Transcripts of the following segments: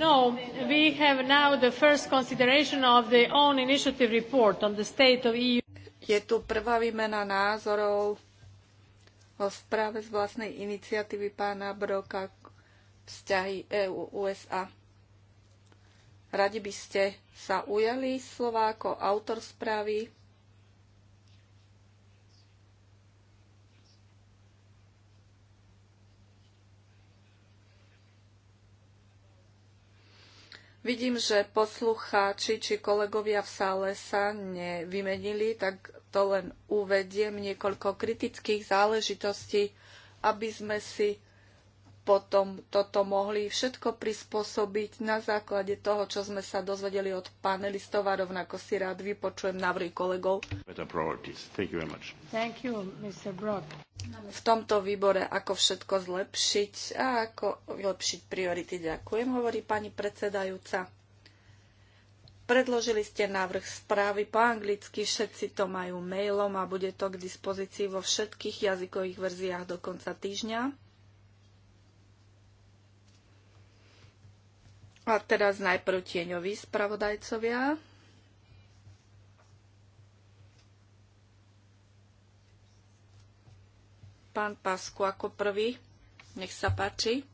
No, we have now the first consideration of the own initiative report on the state of EU. Je tu prvá výmena názorov o správe z vlastnej iniciatívy pána Broka vzťahy EU-USA. Radi by ste sa ujali slova ako autor správy. Vidím, že poslucháči či kolegovia v sále sa nevymenili, tak to len uvediem niekoľko kritických záležitostí, aby sme si potom toto mohli všetko prispôsobiť na základe toho, čo sme sa dozvedeli od panelistov a rovnako si rád vypočujem návrhy kolegov. v tomto výbore, ako všetko zlepšiť a ako vylepšiť priority. Ďakujem, hovorí pani predsedajúca. Predložili ste návrh správy po anglicky, všetci to majú mailom a bude to k dispozícii vo všetkých jazykových verziách do konca týždňa A teraz najprv tieňoví spravodajcovia. Pán Pasku ako prvý. Nech sa páči.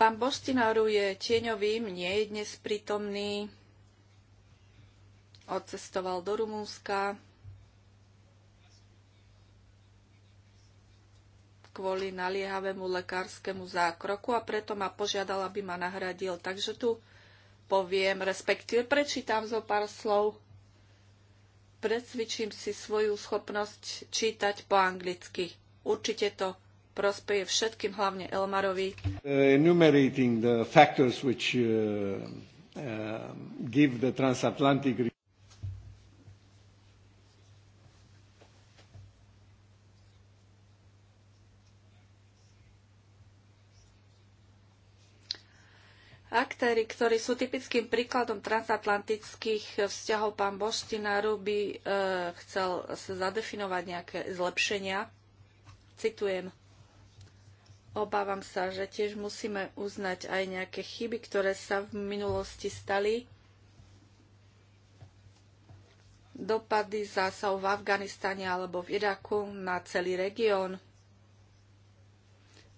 Pán Boštinaru je tieňovým, nie je dnes prítomný. Odcestoval do Rumúnska. kvôli naliehavému lekárskému zákroku a preto ma požiadal, aby ma nahradil. Takže tu poviem, respektíve prečítam zo pár slov. predsvičím si svoju schopnosť čítať po anglicky. Určite to prospeje všetkým, hlavne Elmarovi. Uh, enumerating the factors which uh, uh, give the transatlantic Aktéry, ktorí sú typickým príkladom transatlantických vzťahov, pán Boštinaru by e, chcel sa zadefinovať nejaké zlepšenia. Citujem. Obávam sa, že tiež musíme uznať aj nejaké chyby, ktoré sa v minulosti stali. Dopady zásahov v Afganistane alebo v Iraku na celý región.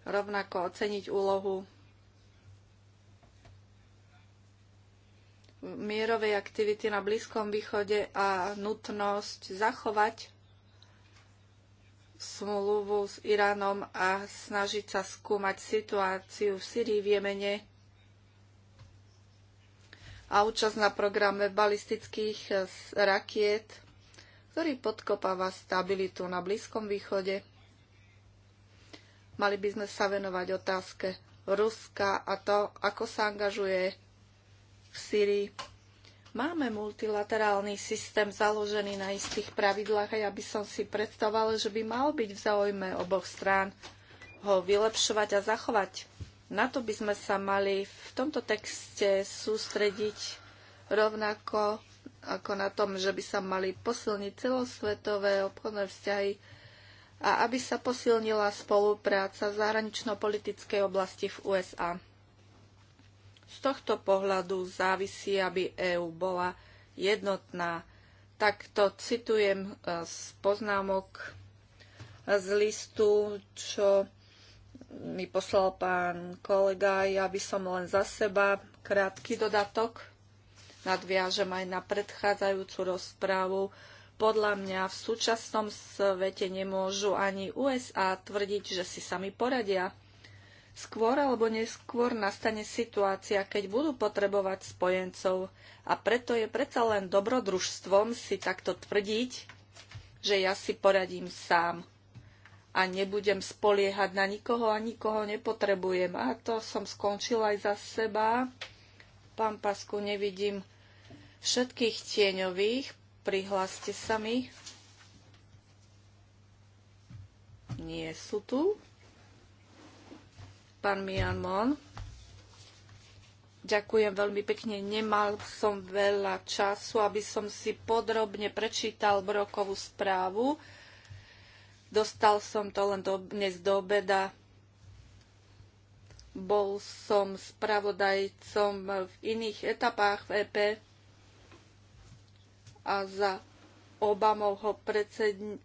Rovnako oceniť úlohu mierovej aktivity na Blízkom východe a nutnosť zachovať smluvu s Iránom a snažiť sa skúmať situáciu v Syrii, v Jemene a účasť na programe balistických rakiet, ktorý podkopáva stabilitu na Blízkom východe. Mali by sme sa venovať otázke Ruska a to, ako sa angažuje v Syrii. Máme multilaterálny systém založený na istých pravidlách a ja by som si predstavovala, že by mal byť v záujme oboch strán ho vylepšovať a zachovať. Na to by sme sa mali v tomto texte sústrediť rovnako ako na tom, že by sa mali posilniť celosvetové obchodné vzťahy a aby sa posilnila spolupráca v zahranično-politickej oblasti v USA. Z tohto pohľadu závisí, aby EÚ bola jednotná. Takto citujem e, z poznámok z listu, čo mi poslal pán kolega, ja by som len za seba krátky dodatok. Nadviažem aj na predchádzajúcu rozprávu. Podľa mňa v súčasnom svete nemôžu ani USA tvrdiť, že si sami poradia. Skôr alebo neskôr nastane situácia, keď budú potrebovať spojencov a preto je predsa len dobrodružstvom si takto tvrdiť, že ja si poradím sám a nebudem spoliehať na nikoho a nikoho nepotrebujem. A to som skončila aj za seba. Pán Pasku, nevidím všetkých tieňových. Prihláste sa mi. Nie sú tu pán Mianmon. Ďakujem veľmi pekne. Nemal som veľa času, aby som si podrobne prečítal Brokovú správu. Dostal som to len do, dnes do obeda. Bol som spravodajcom v iných etapách v EP a za Obamovho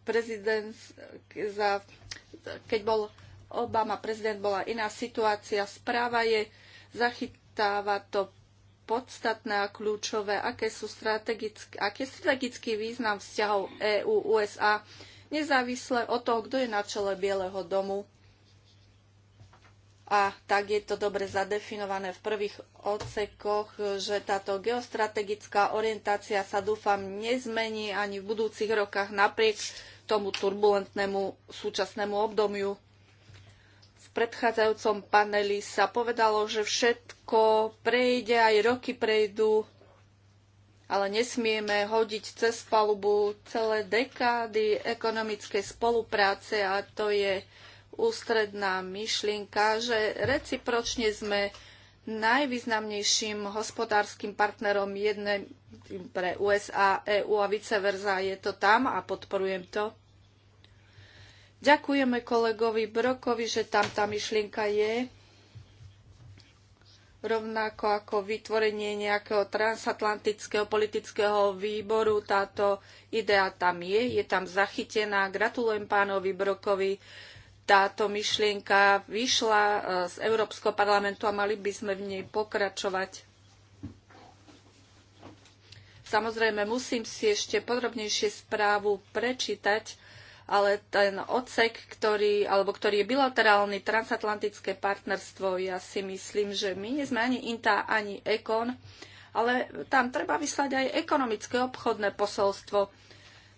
prezident, za, keď bol Obama prezident bola iná situácia. Správa je, zachytáva to podstatné a kľúčové, aké sú strategické, aký je strategický význam vzťahov EÚ-USA, nezávisle od toho, kto je na čele Bieleho domu. A tak je to dobre zadefinované v prvých odsekoch, že táto geostrategická orientácia sa dúfam nezmení ani v budúcich rokoch napriek tomu turbulentnému súčasnému obdobiu. V predchádzajúcom paneli sa povedalo, že všetko prejde, aj roky prejdú, ale nesmieme hodiť cez palubu celé dekády ekonomickej spolupráce a to je ústredná myšlienka, že recipročne sme najvýznamnejším hospodárskym partnerom jedné pre USA, EU a vice versa. Je to tam a podporujem to. Ďakujeme kolegovi Brokovi, že tam tá myšlienka je rovnako ako vytvorenie nejakého transatlantického politického výboru. Táto idea tam je, je tam zachytená. Gratulujem pánovi Brokovi. Táto myšlienka vyšla e, z Európskeho parlamentu a mali by sme v nej pokračovať. Samozrejme, musím si ešte podrobnejšie správu prečítať, ale ten odsek, ktorý, alebo ktorý je bilaterálny transatlantické partnerstvo, ja si myslím, že my nie sme ani INTA, ani EKON, ale tam treba vyslať aj ekonomické obchodné posolstvo.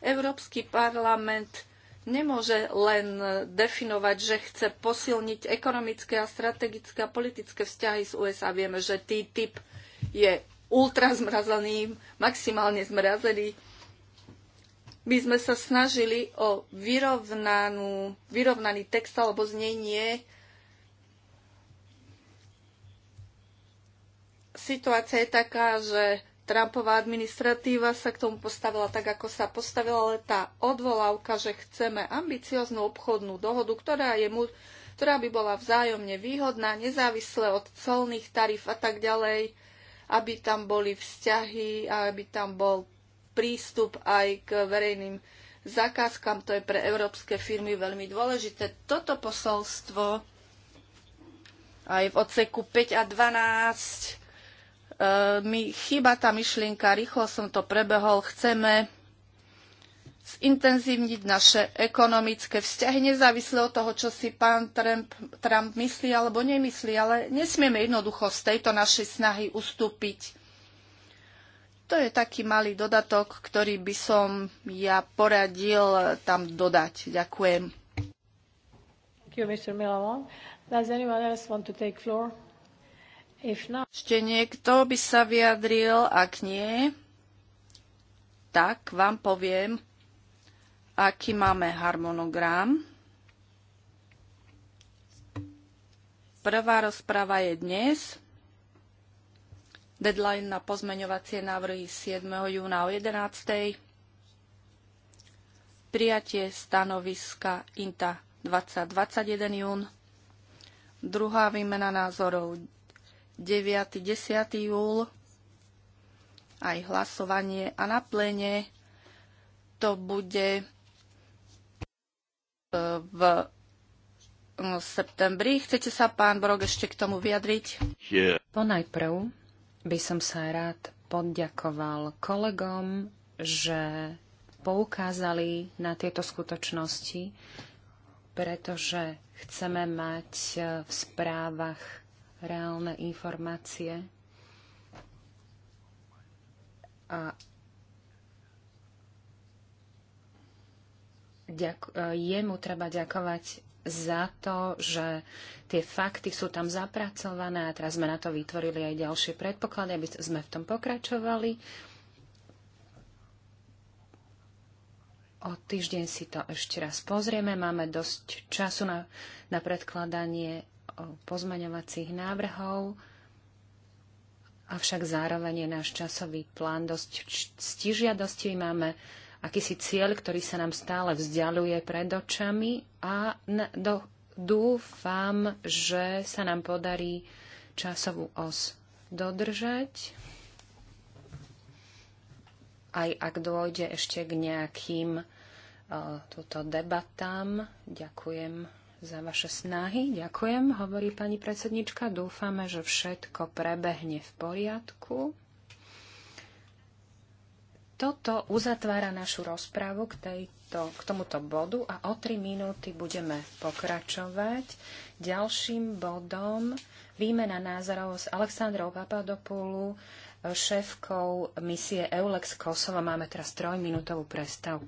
Európsky parlament nemôže len definovať, že chce posilniť ekonomické a strategické a politické vzťahy s USA. Vieme, že TTIP je ultrazmrazený, maximálne zmrazený by sme sa snažili o vyrovnanú, vyrovnaný text alebo znenie situácia je taká, že Trumpová administratíva sa k tomu postavila tak, ako sa postavila, ale tá odvolávka, že chceme ambicioznú obchodnú dohodu, ktorá, je mu, ktorá by bola vzájomne výhodná, nezávisle od colných tarif a tak ďalej, aby tam boli vzťahy, aby tam bol prístup aj k verejným zakázkam. To je pre európske firmy veľmi dôležité. Toto posolstvo aj v odseku 5 a 12 e, mi chýba tá myšlienka, rýchlo som to prebehol, chceme zintenzívniť naše ekonomické vzťahy, nezávisle od toho, čo si pán Trump, Trump myslí alebo nemyslí, ale nesmieme jednoducho z tejto našej snahy ustúpiť. To je taký malý dodatok, ktorý by som ja poradil tam dodať. Ďakujem. Ešte niekto by sa vyjadril, ak nie, tak vám poviem, aký máme harmonogram. Prvá rozprava je dnes Deadline na pozmeňovacie návrhy 7. júna o 11. Prijatie stanoviska INTA 2021 jún. Druhá výmena názorov 9. 10. júl. Aj hlasovanie a na plene to bude e, no, v septembri. Chcete sa, pán Brog, ešte k tomu vyjadriť? Yeah. Ponajprv by som sa rád poďakoval kolegom, že poukázali na tieto skutočnosti, pretože chceme mať e, v správach reálne informácie a e, jemu treba ďakovať za to, že tie fakty sú tam zapracované a teraz sme na to vytvorili aj ďalšie predpoklady, aby sme v tom pokračovali. O týždeň si to ešte raz pozrieme. Máme dosť času na, na predkladanie pozmaňovacích návrhov, avšak zároveň je náš časový plán dosť dosť Máme akýsi cieľ, ktorý sa nám stále vzdialuje pred očami a do, dúfam, že sa nám podarí časovú os dodržať, aj ak dôjde ešte k nejakým uh, túto debatám. Ďakujem za vaše snahy. Ďakujem, hovorí pani predsednička. Dúfame, že všetko prebehne v poriadku toto uzatvára našu rozprávu k, tejto, k tomuto bodu a o tri minúty budeme pokračovať ďalším bodom výmena názorov s Aleksandrou Papadopoulou, eh, šéfkou misie EULEX Kosovo. Máme teraz trojminútovú prestavu.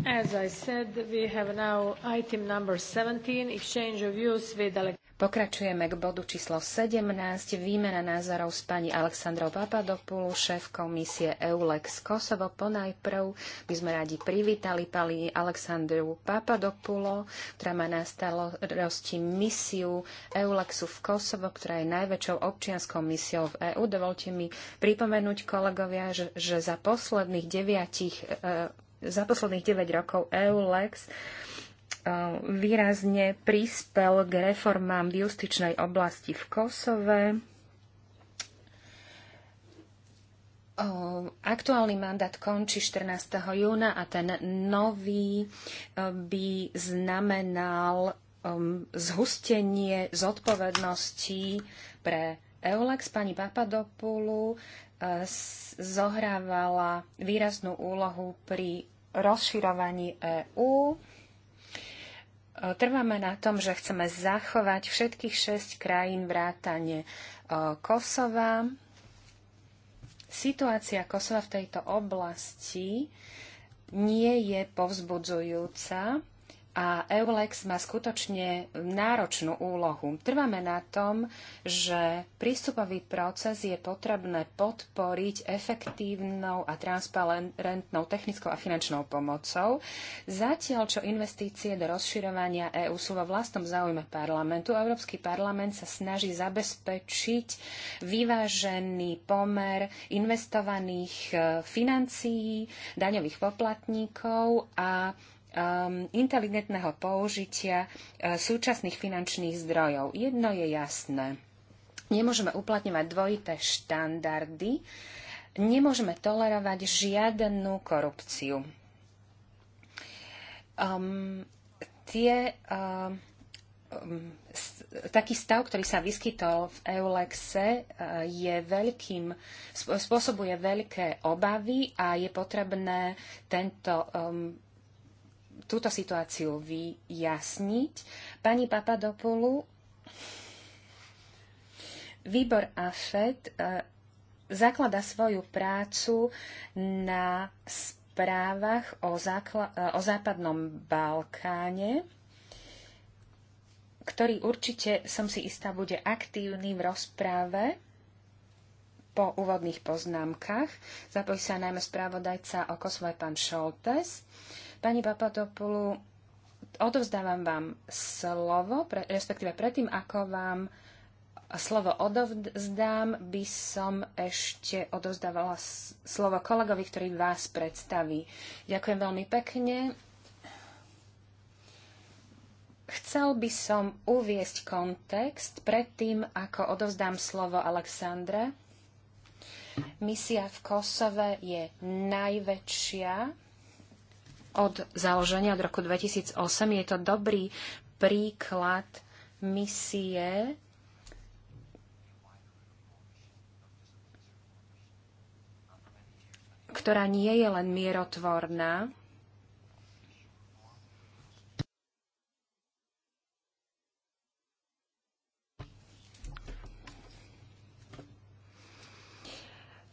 Said, 17, Pokračujeme k bodu číslo 17, výmena názorov s pani Aleksandrou Papadopoulou, šéf komisie EULEX Kosovo. Ponajprv by sme radi privítali pani Aleksandru Papadopoulo, ktorá má na starosti misiu EULEXu v Kosovo, ktorá je najväčšou občianskou misiou v EÚ. Dovolte mi pripomenúť kolegovia, že, že za posledných deviatich e, za posledných 9 rokov EULEX eh, výrazne prispel k reformám v justičnej oblasti v Kosove. Aktuálny mandát končí 14. júna a ten nový eh, by znamenal zhustenie zodpovedností pre EULEX. Pani Papadopulu s eh, zohrávala výraznú úlohu pri rozširovaní EÚ. E, trváme na tom, že chceme zachovať všetkých šesť krajín vrátane e, Kosova. Situácia Kosova v tejto oblasti nie je povzbudzujúca a Eulex má skutočne náročnú úlohu. Trváme na tom, že prístupový proces je potrebné podporiť efektívnou a transparentnou technickou a finančnou pomocou, zatiaľ čo investície do rozširovania EÚ sú vo vlastnom záujme parlamentu. Európsky parlament sa snaží zabezpečiť vyvážený pomer investovaných eh, financií, daňových poplatníkov a Um, inteligentného použitia uh, súčasných finančných zdrojov. Jedno je jasné. Nemôžeme uplatňovať dvojité štandardy, nemôžeme tolerovať žiadnu korupciu. Um, tie, um, um s, taký stav, ktorý sa vyskytol v Eulexe, uh, je veľkým, spôsobuje veľké obavy a je potrebné tento um, túto situáciu vyjasniť. Pani Papadopoulou, výbor AFED e, zaklada svoju prácu na správach o, e, o západnom Balkáne, ktorý určite, som si istá, bude aktívny v rozpráve po úvodných poznámkach. Zapojí sa najmä správodajca o Kosove pán Šoltes. Uh, Pani Papadopoulou, odovzdávam vám slovo, pre, respektíve predtým, ako vám slovo odovzdám, by som ešte odovzdávala slovo kolegovi, ktorý vás predstaví. Ďakujem veľmi pekne. Chcel by som uviesť kontext predtým, ako odovzdám slovo Alexandre. Misia v Kosove je najväčšia od založenia, od roku 2008. Je to dobrý príklad misie ktorá nie je len mierotvorná,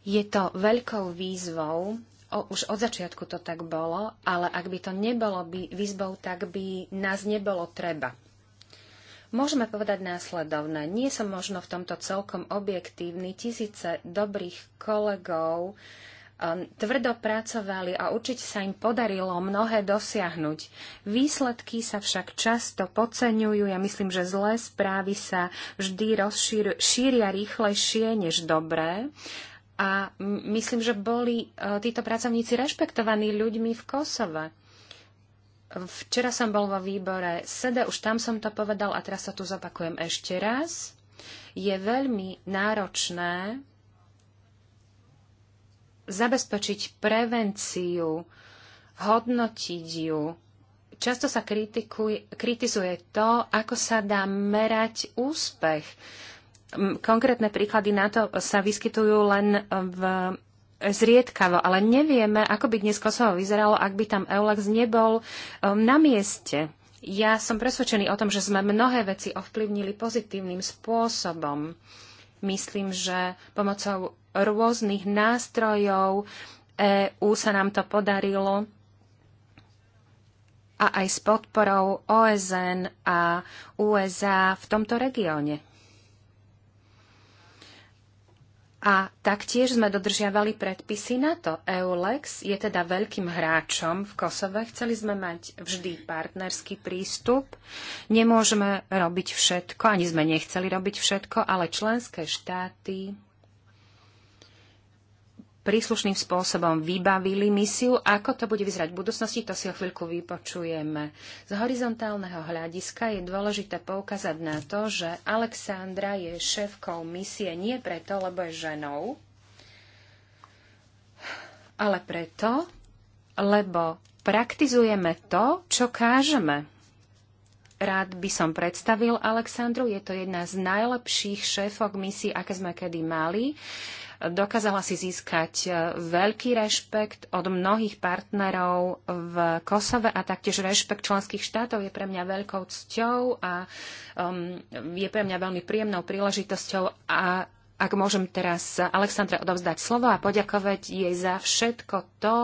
Je to veľkou výzvou o, už od začiatku to tak bolo, ale ak by to nebolo by výzbou, tak by nás nebolo treba. Môžeme povedať následovné. Nie som možno v tomto celkom objektívny. Tisíce dobrých kolegov um, tvrdo pracovali a určite sa im podarilo mnohé dosiahnuť. Výsledky sa však často poceňujú. Ja myslím, že zlé správy sa vždy rozšíria rýchlejšie než dobré. A myslím, že boli e, títo pracovníci rešpektovaní ľuďmi v Kosove. Včera som bol vo výbore SEDE, už tam som to povedal a teraz sa tu zopakujem ešte raz. Je veľmi náročné zabezpečiť prevenciu, hodnotiť ju. Často sa kritizuje to, ako sa dá merať úspech konkrétne príklady na to sa vyskytujú len v zriedkavo, ale nevieme, ako by dnes Kosovo vyzeralo, ak by tam Eulex nebol um, na mieste. Ja som presvedčený o tom, že sme mnohé veci ovplyvnili pozitívnym spôsobom. Myslím, že pomocou rôznych nástrojov EÚ sa nám to podarilo a aj s podporou OSN a USA v tomto regióne. A taktiež sme dodržiavali predpisy na to. EULEX je teda veľkým hráčom v Kosove. Chceli sme mať vždy partnerský prístup. Nemôžeme robiť všetko, ani sme nechceli robiť všetko, ale členské štáty príslušným spôsobom vybavili misiu. Ako to bude vyzerať v budúcnosti, to si o chvíľku vypočujeme. Z horizontálneho hľadiska je dôležité poukázať na to, že Alexandra je šéfkou misie nie preto, lebo je ženou, ale preto, lebo praktizujeme to, čo kážeme. Rád by som predstavil Alexandru, je to jedna z najlepších šéfok misií, aké sme kedy mali dokázala si získať e, veľký rešpekt od mnohých partnerov v Kosove a taktiež rešpekt členských štátov je pre mňa veľkou cťou a um, je pre mňa veľmi príjemnou príležitosťou a ak môžem teraz Alexandre odovzdať slovo a poďakovať jej za všetko to,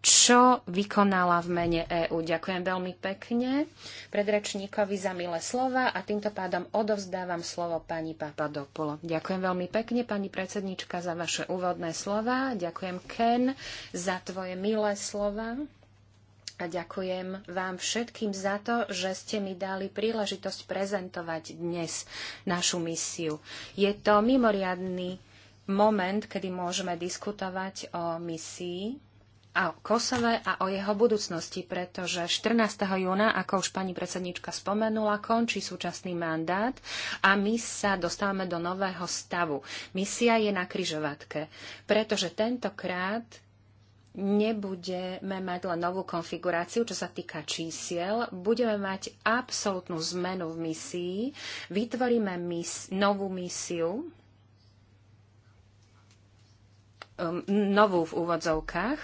čo vykonala v mene EÚ. Ďakujem veľmi pekne predrečníkovi za milé slova a týmto pádom odovzdávam slovo pani Papadopolo. Ďakujem veľmi pekne, pani predsednička, za vaše úvodné slova. Ďakujem, Ken, za tvoje milé slova. A ďakujem vám všetkým za to, že ste mi dali príležitosť prezentovať dnes našu misiu. Je to mimoriadný moment, kedy môžeme diskutovať o misii a o Kosove a o jeho budúcnosti, pretože 14. júna, ako už pani predsednička spomenula, končí súčasný mandát a my sa dostávame do nového stavu. Misia je na kryžovatke, pretože tentokrát nebudeme mať len novú konfiguráciu, čo sa týka čísiel, budeme mať absolútnu zmenu v misii, vytvoríme mis- novú misiu, um, novú v úvodzovkách,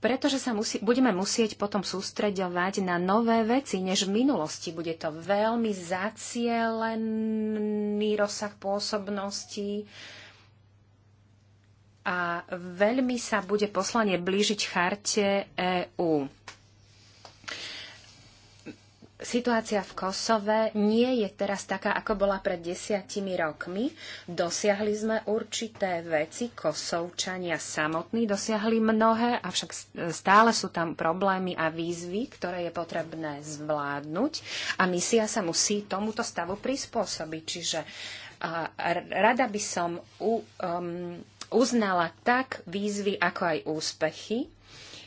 pretože sa musí, budeme musieť potom sústreďovať na nové veci, než v minulosti. Bude to veľmi zacielený rozsah pôsobnosti a veľmi sa bude poslanie blížiť charte EÚ. Situácia v Kosove nie je teraz taká, ako bola pred desiatimi rokmi. Dosiahli sme určité veci, Kosovčania samotní dosiahli mnohé, avšak stále sú tam problémy a výzvy, ktoré je potrebné zvládnuť a misia sa musí tomuto stavu prispôsobiť. Čiže a rada by som u, um, uznala tak výzvy, ako aj úspechy.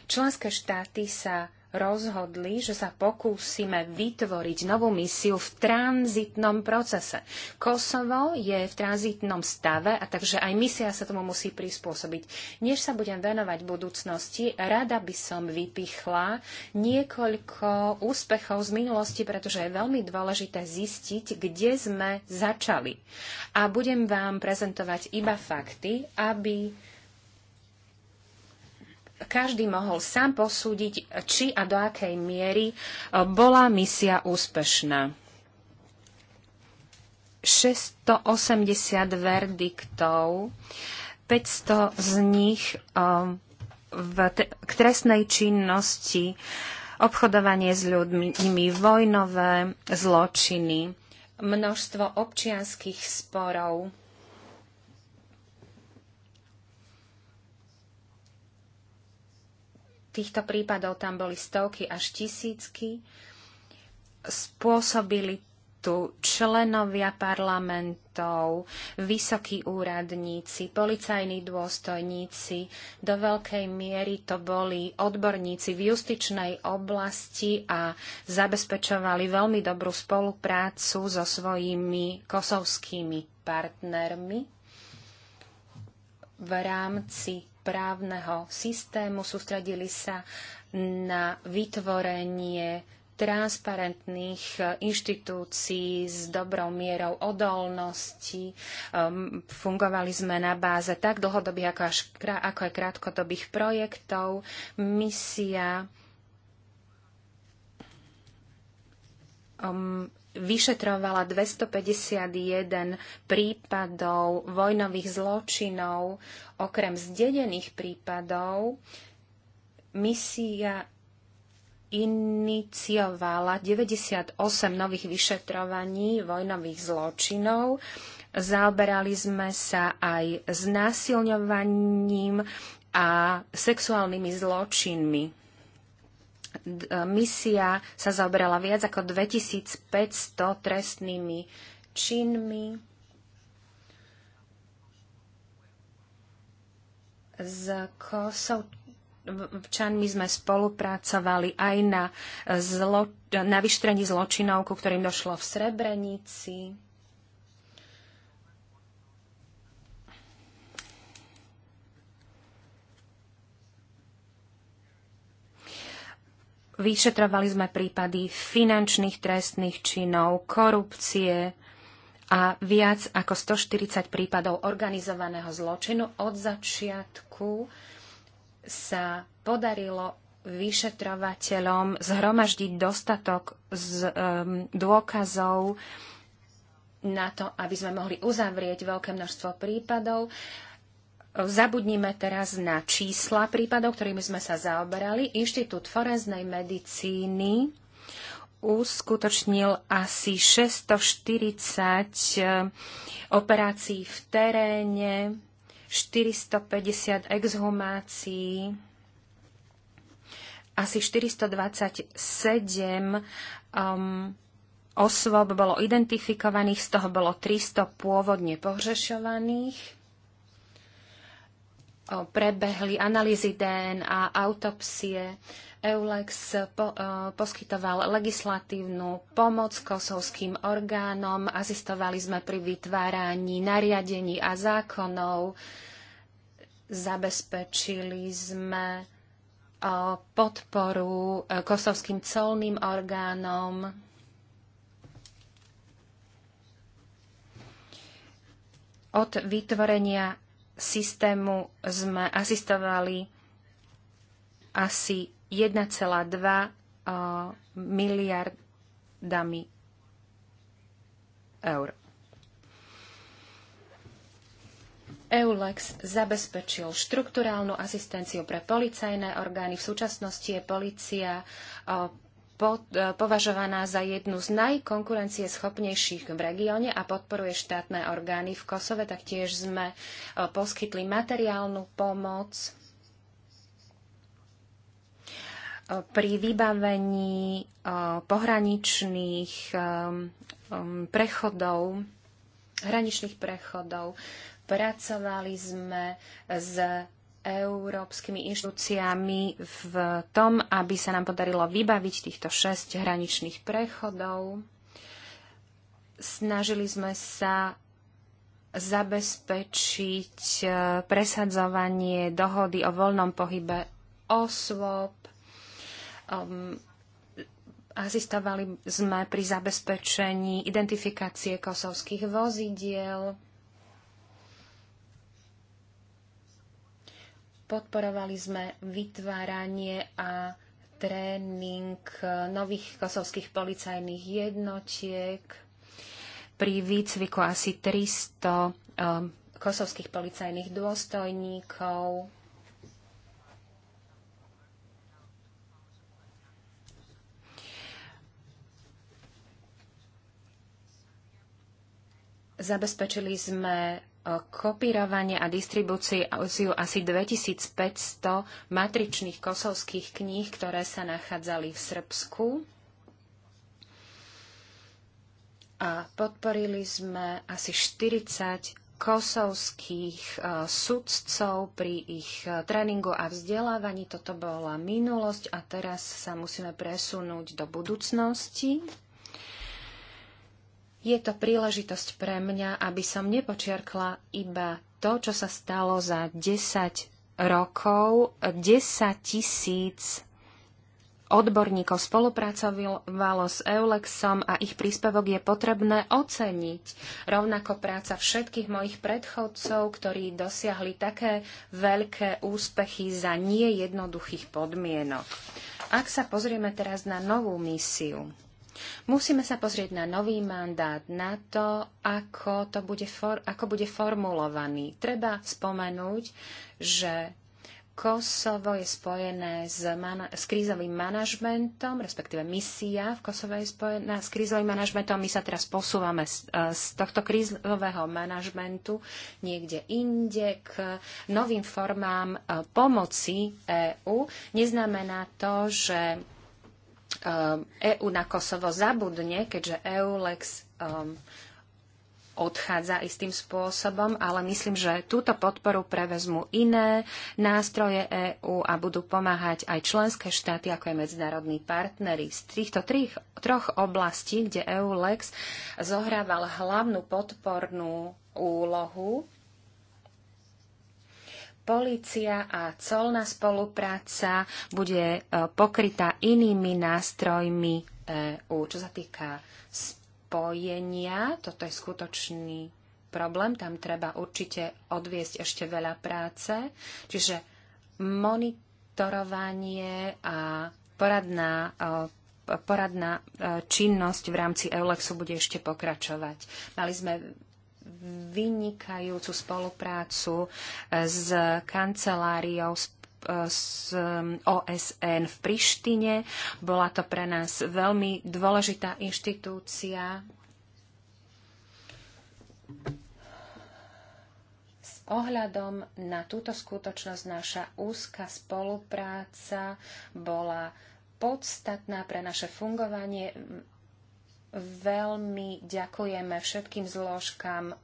Členské štáty sa rozhodli, že sa pokúsime vytvoriť novú misiu v tranzitnom procese. Kosovo je v tranzitnom stave a takže aj misia sa tomu musí prispôsobiť. Než sa budem venovať budúcnosti, rada by som vypichla niekoľko úspechov z minulosti, pretože je veľmi dôležité zistiť, kde sme začali. A budem vám prezentovať iba fakty, aby každý mohol sám posúdiť, či a do akej miery e, bola misia úspešná. 680 verdiktov, 500 z nich e, v k trestnej činnosti, obchodovanie s ľuďmi, vojnové zločiny, množstvo občianských sporov, týchto prípadov tam boli stovky až tisícky. Spôsobili tu členovia parlamentov, vysokí úradníci, policajní dôstojníci, do veľkej miery to boli odborníci v justičnej oblasti a zabezpečovali veľmi dobrú spoluprácu so svojimi kosovskými partnermi v rámci právneho systému, sústredili sa na vytvorenie transparentných eh, inštitúcií s dobrou mierou odolnosti. Ehm, fungovali sme na báze tak dlhodobých ako, až, ako aj krátkodobých projektov. Misia ehm, vyšetrovala 251 prípadov vojnových zločinov, okrem zdedených prípadov. Misia iniciovala 98 nových vyšetrovaní vojnových zločinov. Zaoberali sme sa aj znásilňovaním a sexuálnymi zločinmi misia sa zaoberala viac ako 2500 trestnými činmi s Kosovčanmi sme spolupracovali aj na, zlo, na vyštrení zločinov, ku ktorým došlo v Srebrenici. Vyšetrovali sme prípady finančných trestných činov, korupcie a viac ako 140 prípadov organizovaného zločinu. Od začiatku sa podarilo vyšetrovateľom zhromaždiť dostatok z, um, dôkazov na to, aby sme mohli uzavrieť veľké množstvo prípadov. Zabudnime teraz na čísla prípadov, ktorými sme sa zaoberali. Inštitút forenznej medicíny uskutočnil asi 640 eh, operácií v teréne, 450 exhumácií, asi 427 um, ehm, osôb bolo identifikovaných, z toho bolo 300 pôvodne pohřešovaných prebehli analýzy DNA, autopsie. Eulex po, poskytoval legislatívnu pomoc kosovským orgánom, asistovali sme pri vytváraní nariadení a zákonov, zabezpečili sme podporu e, kosovským colným orgánom. Od vytvorenia systému sme asistovali asi 1,2 eh, miliardami eur. EULEX zabezpečil štrukturálnu asistenciu pre policajné orgány. V súčasnosti je policia eh, E, považovaná za jednu z najkonkurencieschopnejších v regióne a podporuje štátne orgány. V Kosove taktiež sme e, poskytli materiálnu pomoc e, pri vybavení pohraničných prechodov, hraničných prechodov. Pracovali sme s európskymi inštitúciami v tom, aby sa nám podarilo vybaviť týchto šesť hraničných prechodov. Snažili sme sa zabezpečiť e, presadzovanie dohody o voľnom pohybe osôb. Um, asistovali sme pri zabezpečení identifikácie kosovských vozidiel Podporovali sme vytváranie a tréning eh, nových kosovských policajných jednotiek. Pri výcviku asi 300 eh, kosovských policajných dôstojníkov. Zabezpečili sme kopírovanie a distribúciu asi 2500 matričných kosovských kníh, ktoré sa nachádzali v Srbsku. A podporili sme asi 40 kosovských e, sudcov pri ich e, tréningu a vzdelávaní. Toto bola minulosť a teraz sa musíme presunúť do budúcnosti. Je to príležitosť pre mňa, aby som nepočiarkla iba to, čo sa stalo za 10 rokov. 10 tisíc odborníkov spolupracovalo s Eulexom a ich príspevok je potrebné oceniť. Rovnako práca všetkých mojich predchodcov, ktorí dosiahli také veľké úspechy za nie jednoduchých podmienok. Ak sa pozrieme teraz na novú misiu, Musíme sa pozrieť na nový mandát, na to, ako, to bude, for, ako bude formulovaný. Treba spomenúť, že Kosovo je spojené s, man- s krízovým manažmentom, respektíve misia v Kosove je spojená s krízovým manažmentom. My sa teraz posúvame z, e, z tohto krízového manažmentu niekde inde k novým formám e, pomoci EÚ. Neznamená to, že Um, EÚ na Kosovo zabudne, keďže EULEX um, odchádza istým spôsobom, ale myslím, že túto podporu prevezmú iné nástroje EÚ a budú pomáhať aj členské štáty, ako je medzinárodní partnery. Z týchto trých, troch oblastí, kde EULEX zohrával hlavnú podpornú úlohu, Polícia a colná spolupráca bude e, pokrytá inými nástrojmi EÚ. Čo sa týka spojenia, toto je skutočný problém, tam treba určite odviesť ešte veľa práce. Čiže monitorovanie a poradná e, poradná e, činnosť v rámci Eulexu bude ešte pokračovať. Mali sme vynikajúcu spoluprácu s kanceláriou z OSN v Prištine. Bola to pre nás veľmi dôležitá inštitúcia. S ohľadom na túto skutočnosť naša úzka spolupráca bola podstatná pre naše fungovanie Veľmi ďakujeme všetkým zložkám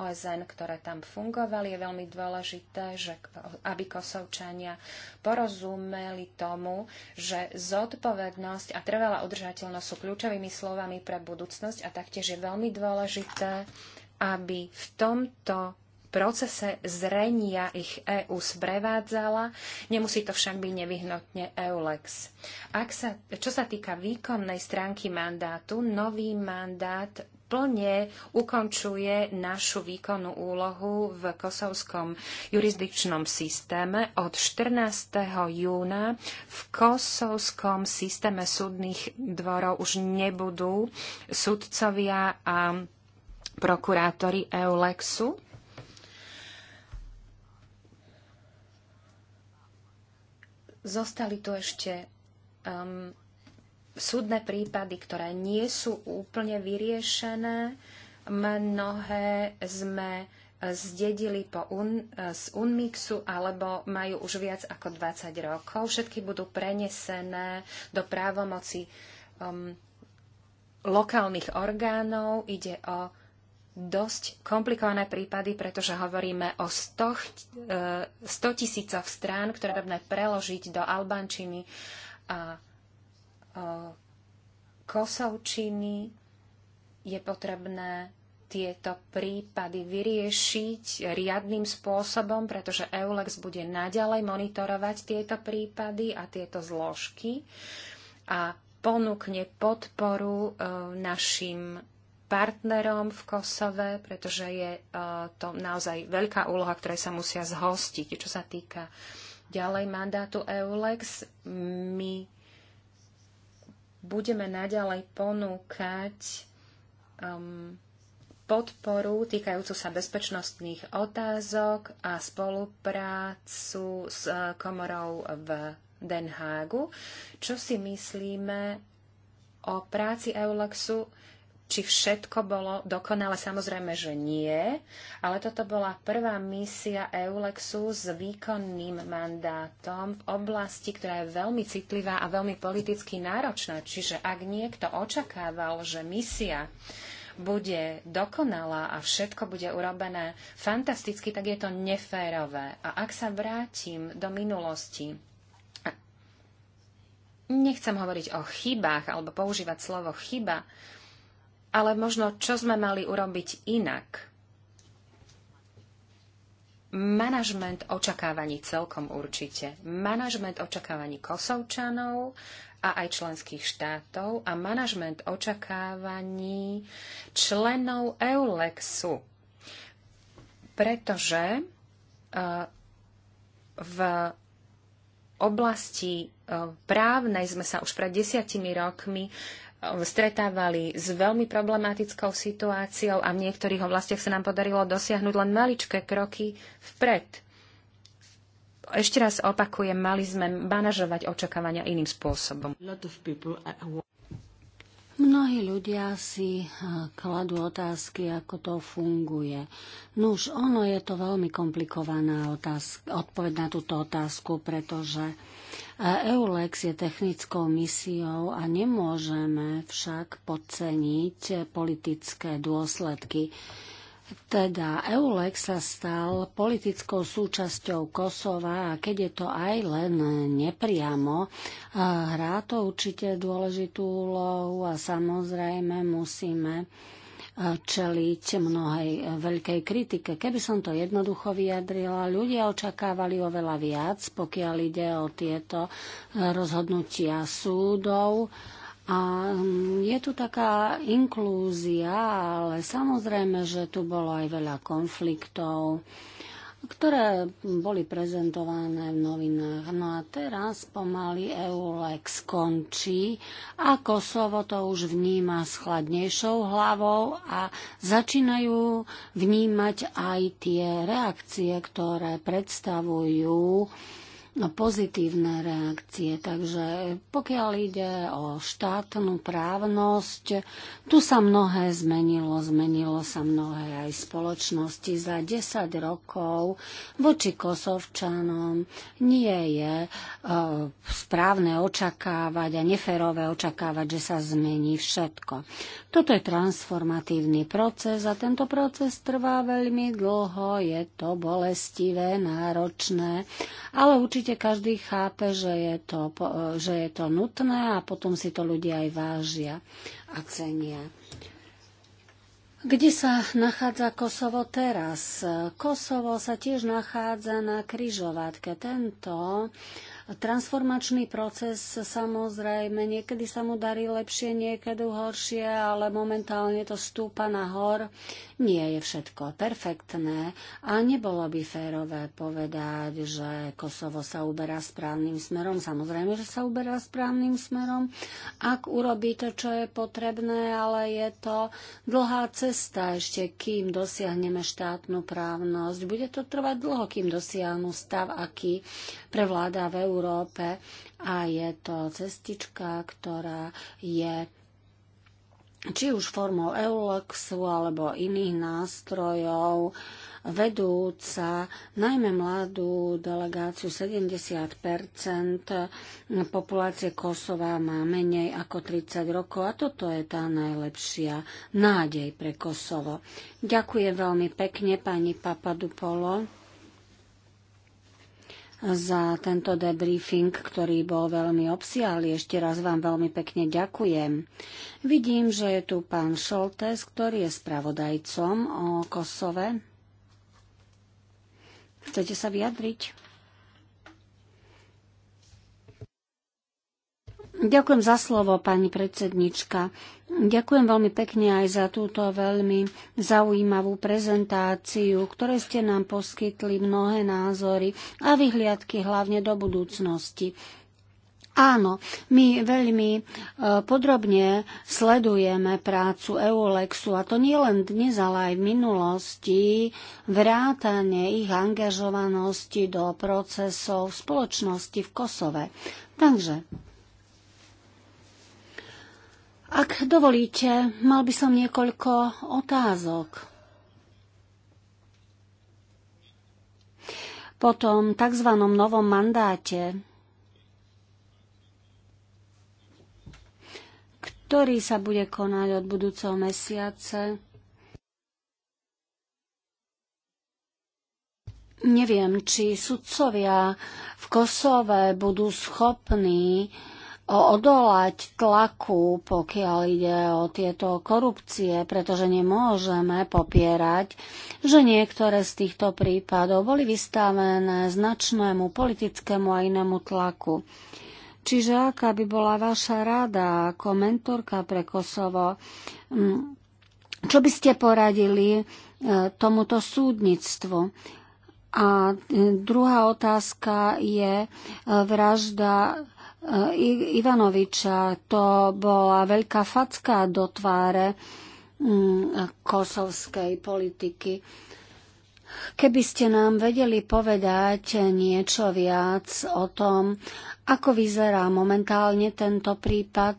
OSN, e, ktoré tam fungovali. Je veľmi dôležité, že, aby Kosovčania porozumeli tomu, že zodpovednosť a trvalá udržateľnosť sú kľúčovými slovami pre budúcnosť a taktiež je veľmi dôležité, aby v tomto procese zrenia ich EÚ sprevádzala, nemusí to však byť nevyhnutne EULEX. Ak sa, čo sa týka výkonnej stránky mandátu, nový mandát plne ukončuje našu výkonnú úlohu v kosovskom jurisdikčnom systéme. Od 14. júna v kosovskom systéme súdnych dvorov už nebudú sudcovia a prokurátori EULEXu. Zostali tu ešte um, súdne prípady, ktoré nie sú úplne vyriešené. Mnohé sme zdedili po un, z Unmixu alebo majú už viac ako 20 rokov. Všetky budú prenesené do právomoci um, lokálnych orgánov. Ide o dosť komplikované prípady, pretože hovoríme o 100, 100 e, tisícoch strán, ktoré robné preložiť do albančiny a e, kosovčiny. Je potrebné tieto prípady vyriešiť riadným spôsobom, pretože EULEX bude naďalej monitorovať tieto prípady a tieto zložky a ponúkne podporu e, našim partnerom v Kosove, pretože je e, to naozaj veľká úloha, ktoré sa musia zhostiť. Čo sa týka ďalej mandátu EULEX, my budeme naďalej ponúkať um, podporu týkajúcu sa bezpečnostných otázok a spoluprácu s e, komorou v Den Hagu. Čo si myslíme o práci EULEXu? či všetko bolo dokonale, samozrejme, že nie, ale toto bola prvá misia EULEXu s výkonným mandátom v oblasti, ktorá je veľmi citlivá a veľmi politicky náročná. Čiže ak niekto očakával, že misia bude dokonalá a všetko bude urobené fantasticky, tak je to neférové. A ak sa vrátim do minulosti, nechcem hovoriť o chybách alebo používať slovo chyba, ale možno čo sme mali urobiť inak. Manažment očakávaní celkom určite. Manažment očakávaní kosovčanov a aj členských štátov a manažment očakávaní členov EULEXu. Pretože e, v oblasti e, právnej sme sa už pred desiatimi rokmi stretávali s veľmi problematickou situáciou a v niektorých oblastiach sa nám podarilo dosiahnuť len maličké kroky vpred. Ešte raz opakujem, mali sme manažovať očakávania iným spôsobom. Mnohí ľudia si eh, kladú otázky, ako to funguje. No už ono je to veľmi komplikovaná otázka, odpoveď na túto otázku, pretože EULEX je technickou misiou a nemôžeme však podceniť politické dôsledky. Teda Eulex sa stal politickou súčasťou Kosova a keď je to aj len nepriamo, eh, hrá to určite dôležitú úlohu a samozrejme musíme čeliť mnohej eh, veľkej kritike. Keby som to jednoducho vyjadrila, ľudia očakávali oveľa viac, pokiaľ ide o tieto eh, rozhodnutia súdov. A mm, je tu taká inklúzia, ale samozrejme, že tu bolo aj veľa konfliktov ktoré boli prezentované v novinách. No a teraz pomaly EULEX končí a Kosovo to už vníma s chladnejšou hlavou a začínajú vnímať aj tie reakcie, ktoré predstavujú pozitívne reakcie. Takže pokiaľ ide o štátnu právnosť, tu sa mnohé zmenilo. Zmenilo sa mnohé aj spoločnosti. Za 10 rokov voči Kosovčanom nie je e, správne očakávať a neferové očakávať, že sa zmení všetko. Toto je transformatívny proces a tento proces trvá veľmi dlho. Je to bolestivé, náročné, ale určite Určite každý chápe, že je, to, že je to nutné a potom si to ľudia aj vážia a cenia. Kde sa nachádza Kosovo teraz? Kosovo sa tiež nachádza na križovatke. Tento Transformačný proces samozrejme, niekedy sa mu darí lepšie, niekedy horšie, ale momentálne to stúpa nahor. Nie je všetko perfektné a nebolo by férové povedať, že Kosovo sa uberá správnym smerom. Samozrejme, že sa uberá správnym smerom, ak urobí to, čo je potrebné, ale je to dlhá cesta ešte, kým dosiahneme štátnu právnosť. Bude to trvať dlho, kým dosiahnu stav, aký prevláda v Európe Európe a je to cestička, ktorá je či už formou Euloxu alebo iných nástrojov, vedúca, najmä mladú delegáciu, 70 populácie Kosova má menej ako 30 rokov a toto je tá najlepšia nádej pre Kosovo. Ďakujem veľmi pekne pani Papadupolo za tento debriefing, ktorý bol veľmi obsiahly. Ešte raz vám veľmi pekne ďakujem. Vidím, že je tu pán Šoltes, ktorý je spravodajcom o Kosove. Chcete sa vyjadriť? Ďakujem za slovo, pani predsednička. Ďakujem veľmi pekne aj za túto veľmi zaujímavú prezentáciu, ktoré ste nám poskytli mnohé názory a vyhliadky hlavne do budúcnosti. Áno, my veľmi e, podrobne sledujeme prácu Eulexu a to nie len dnes, ale aj v minulosti, vrátane ich angažovanosti do procesov v spoločnosti v Kosove. Takže ak dovolíte, mal by som niekoľko otázok. Po tom tzv. novom mandáte, ktorý sa bude konať od budúceho mesiace, neviem, či sudcovia v Kosove budú schopní odolať tlaku, pokiaľ ide o tieto korupcie, pretože nemôžeme popierať, že niektoré z týchto prípadov boli vystavené značnému politickému a inému tlaku. Čiže aká by bola vaša rada ako mentorka pre Kosovo? Mm, čo by ste poradili e, tomuto súdnictvu? A e, druhá otázka je e, vražda Eh, Ivanoviča. To bola veľká facka do tváre mm, kosovskej politiky. Keby ste nám vedeli povedať niečo viac o tom, ako vyzerá momentálne tento prípad.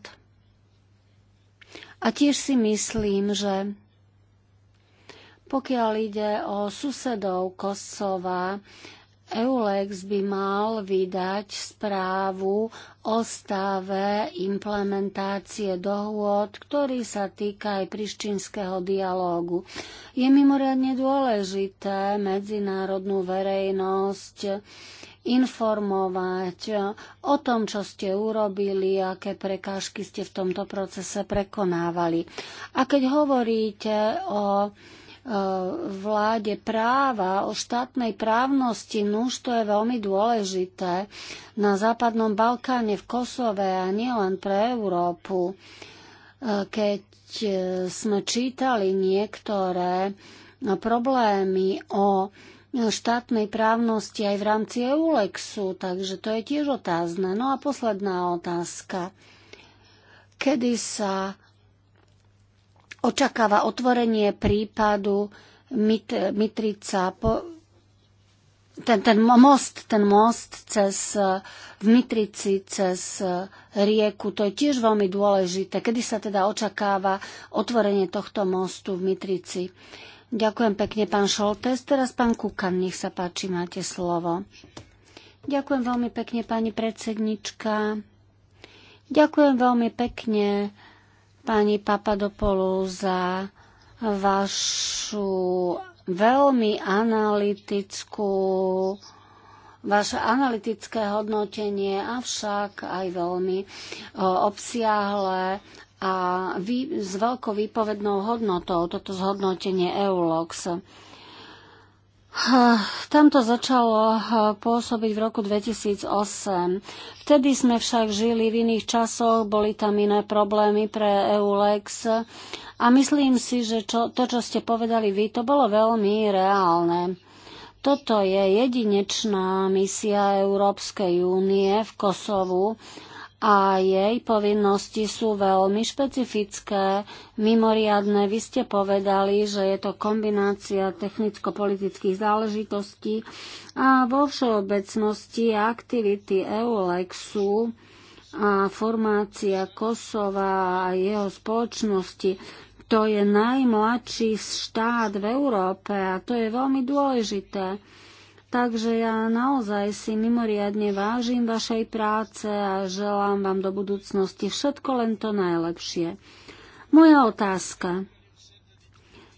A tiež si myslím, že pokiaľ ide o susedov Kosova, EULEX by mal vydať správu o stave implementácie dohôd, ktorý sa týka aj prištinského dialógu. Je mimoriadne dôležité medzinárodnú verejnosť informovať o tom, čo ste urobili, aké prekážky ste v tomto procese prekonávali. A keď hovoríte o vláde práva, o štátnej právnosti, nuž to je veľmi dôležité na Západnom Balkáne, v Kosove a nielen pre Európu. E, keď e, sme čítali niektoré problémy o štátnej právnosti aj v rámci EULEXu, takže to je tiež otázne. No a posledná otázka. Kedy sa očakáva otvorenie prípadu Mit, Mitrica po, ten, ten most, ten most cez, v Mitrici cez rieku, to je tiež veľmi dôležité. Kedy sa teda očakáva otvorenie tohto mostu v Mitrici? Ďakujem pekne, pán Šoltes. Teraz pán Kukan, nech sa páči, máte slovo. Ďakujem veľmi pekne, pani predsednička. Ďakujem veľmi pekne pani Papadopolu za vašu veľmi analytickú vaše analytické hodnotenie, avšak aj veľmi e, obsiahle a vy, s veľkou výpovednou hodnotou toto zhodnotenie EULOX. Tamto začalo eh, pôsobiť v roku 2008. Vtedy sme však žili v iných časoch, boli tam iné problémy pre EULEX a myslím si, že čo, to, čo ste povedali vy, to bolo veľmi reálne. Toto je jedinečná misia Európskej únie v Kosovu a jej povinnosti sú veľmi špecifické, mimoriadne. Vy ste povedali, že je to kombinácia technicko-politických záležitostí a vo všeobecnosti aktivity EULEXu a formácia Kosova a jeho spoločnosti. To je najmladší štát v Európe a to je veľmi dôležité. Takže ja naozaj si mimoriadne vážim vašej práce a želám vám do budúcnosti všetko len to najlepšie. Moja otázka.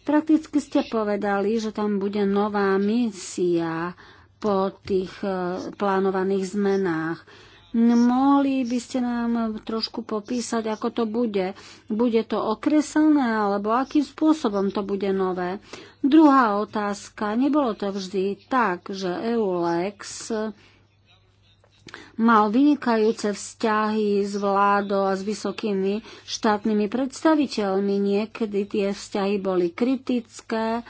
Prakticky ste povedali, že tam bude nová misia po tých eh, plánovaných zmenách. Mohli by ste nám trošku popísať, ako to bude? Bude to okreselné, alebo akým spôsobom to bude nové? Druhá otázka. Nebolo to vždy tak, že EULEX mal vynikajúce vzťahy s vládou a s vysokými štátnymi predstaviteľmi. Niekedy tie vzťahy boli kritické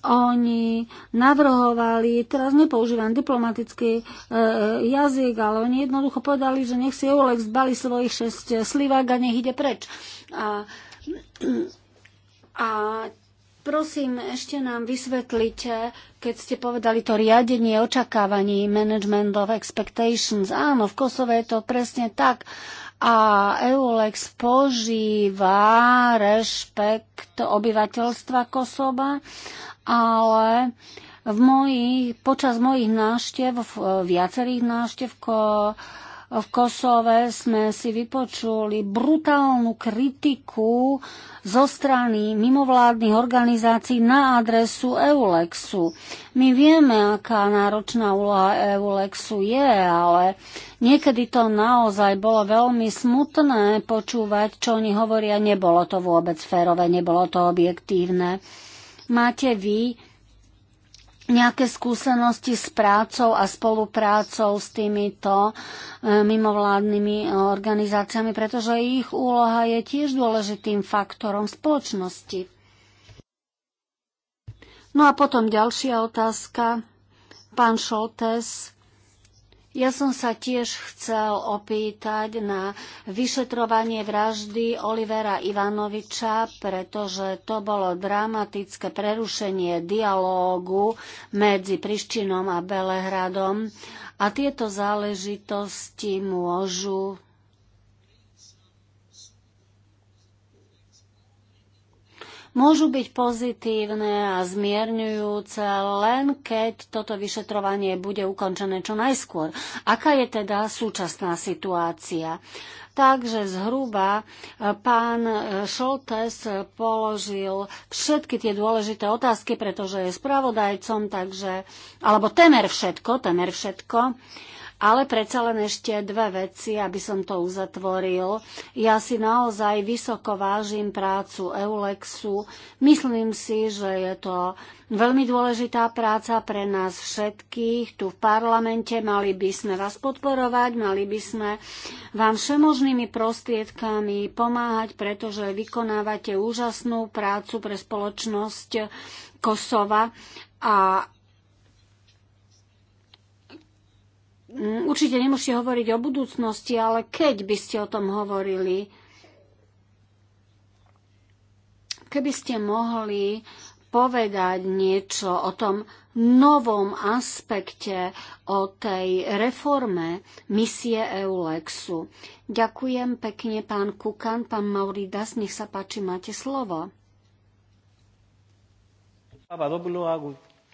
oni navrhovali, teraz nepoužívam diplomatický e, jazyk, ale oni jednoducho povedali, že nech si Eulex zbali svojich šesť slivák a nech ide preč. A, a Prosím, ešte nám vysvetlite, keď ste povedali to riadenie očakávaní, management of expectations. Áno, v Kosove je to presne tak a Eulex požíva rešpekt obyvateľstva Kosova, ale v mojich, počas mojich náštev, viacerých náštev ko, v Kosove sme si vypočuli brutálnu kritiku zo strany mimovládnych organizácií na adresu Eulexu. My vieme, aká náročná úloha Eulexu je, ale niekedy to naozaj bolo veľmi smutné počúvať, čo oni hovoria. Nebolo to vôbec férové, nebolo to objektívne. Máte vy nejaké skúsenosti s prácou a spoluprácou s týmito e, mimovládnymi organizáciami, pretože ich úloha je tiež dôležitým faktorom spoločnosti. No a potom ďalšia otázka. Pán Šoltes ja som sa tiež chcel opýtať na vyšetrovanie vraždy Olivera Ivanoviča, pretože to bolo dramatické prerušenie dialógu medzi Prištinom a Belehradom a tieto záležitosti môžu môžu byť pozitívne a zmierňujúce len keď toto vyšetrovanie bude ukončené čo najskôr. Aká je teda súčasná situácia? Takže zhruba e, pán e, Šoltes e, položil všetky tie dôležité otázky, pretože je spravodajcom, takže, alebo temer všetko, temer všetko. Ale predsa len ešte dve veci, aby som to uzatvoril. Ja si naozaj vysoko vážim prácu Eulexu. Myslím si, že je to veľmi dôležitá práca pre nás všetkých tu v parlamente. Mali by sme vás podporovať, mali by sme vám všemožnými prostriedkami pomáhať, pretože vykonávate úžasnú prácu pre spoločnosť Kosova a Mm, určite nemôžete hovoriť o budúcnosti, ale keď by ste o tom hovorili, keby ste mohli povedať niečo o tom novom aspekte, o tej reforme misie EULEXu. Ďakujem pekne, pán Kukan, pán Mauridas, nech sa páči, máte slovo.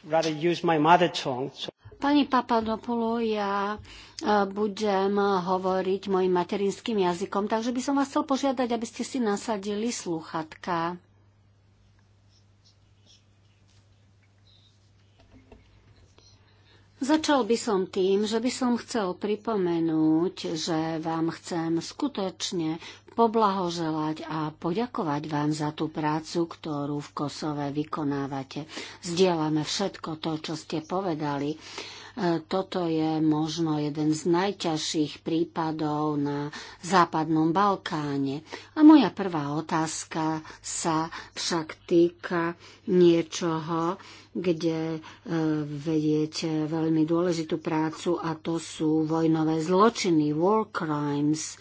rather use my mother tongue. So... Pani Papadopoulou, ja e, budem hovoriť mojim materinským jazykom, takže by som vás chcel požiadať, aby ste si nasadili sluchatka. Začal by som tým, že by som chcel pripomenúť, že vám chcem skutočne poblahoželať a poďakovať vám za tú prácu, ktorú v Kosove vykonávate. Zdieľame všetko to, čo ste povedali. Toto je možno jeden z najťažších prípadov na Západnom Balkáne. A moja prvá otázka sa však týka niečoho, kde e, vediete veľmi dôležitú prácu a to sú vojnové zločiny, war crimes.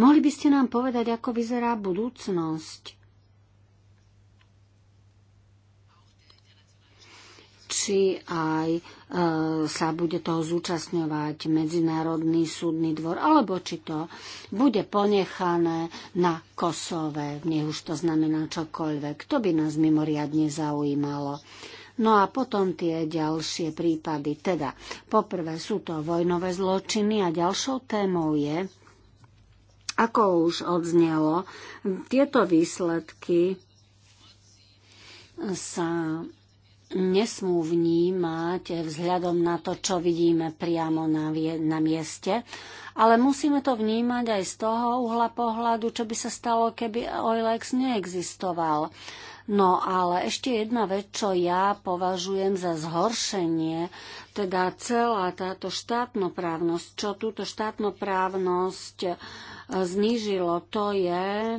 Mohli by ste nám povedať, ako vyzerá budúcnosť? či aj e, sa bude toho zúčastňovať Medzinárodný súdny dvor, alebo či to bude ponechané na Kosove, nech už to znamená čokoľvek. To by nás mimoriadne zaujímalo. No a potom tie ďalšie prípady. Teda, poprvé sú to vojnové zločiny a ďalšou témou je, ako už odznelo, tieto výsledky sa nesmú vnímať vzhľadom na to, čo vidíme priamo na, na mieste, ale musíme to vnímať aj z toho uhla pohľadu, čo by sa stalo, keby Oilex neexistoval. No ale ešte jedna vec, čo ja považujem za zhoršenie, teda celá táto štátnoprávnosť, čo túto štátnoprávnosť e, znížilo, to je e,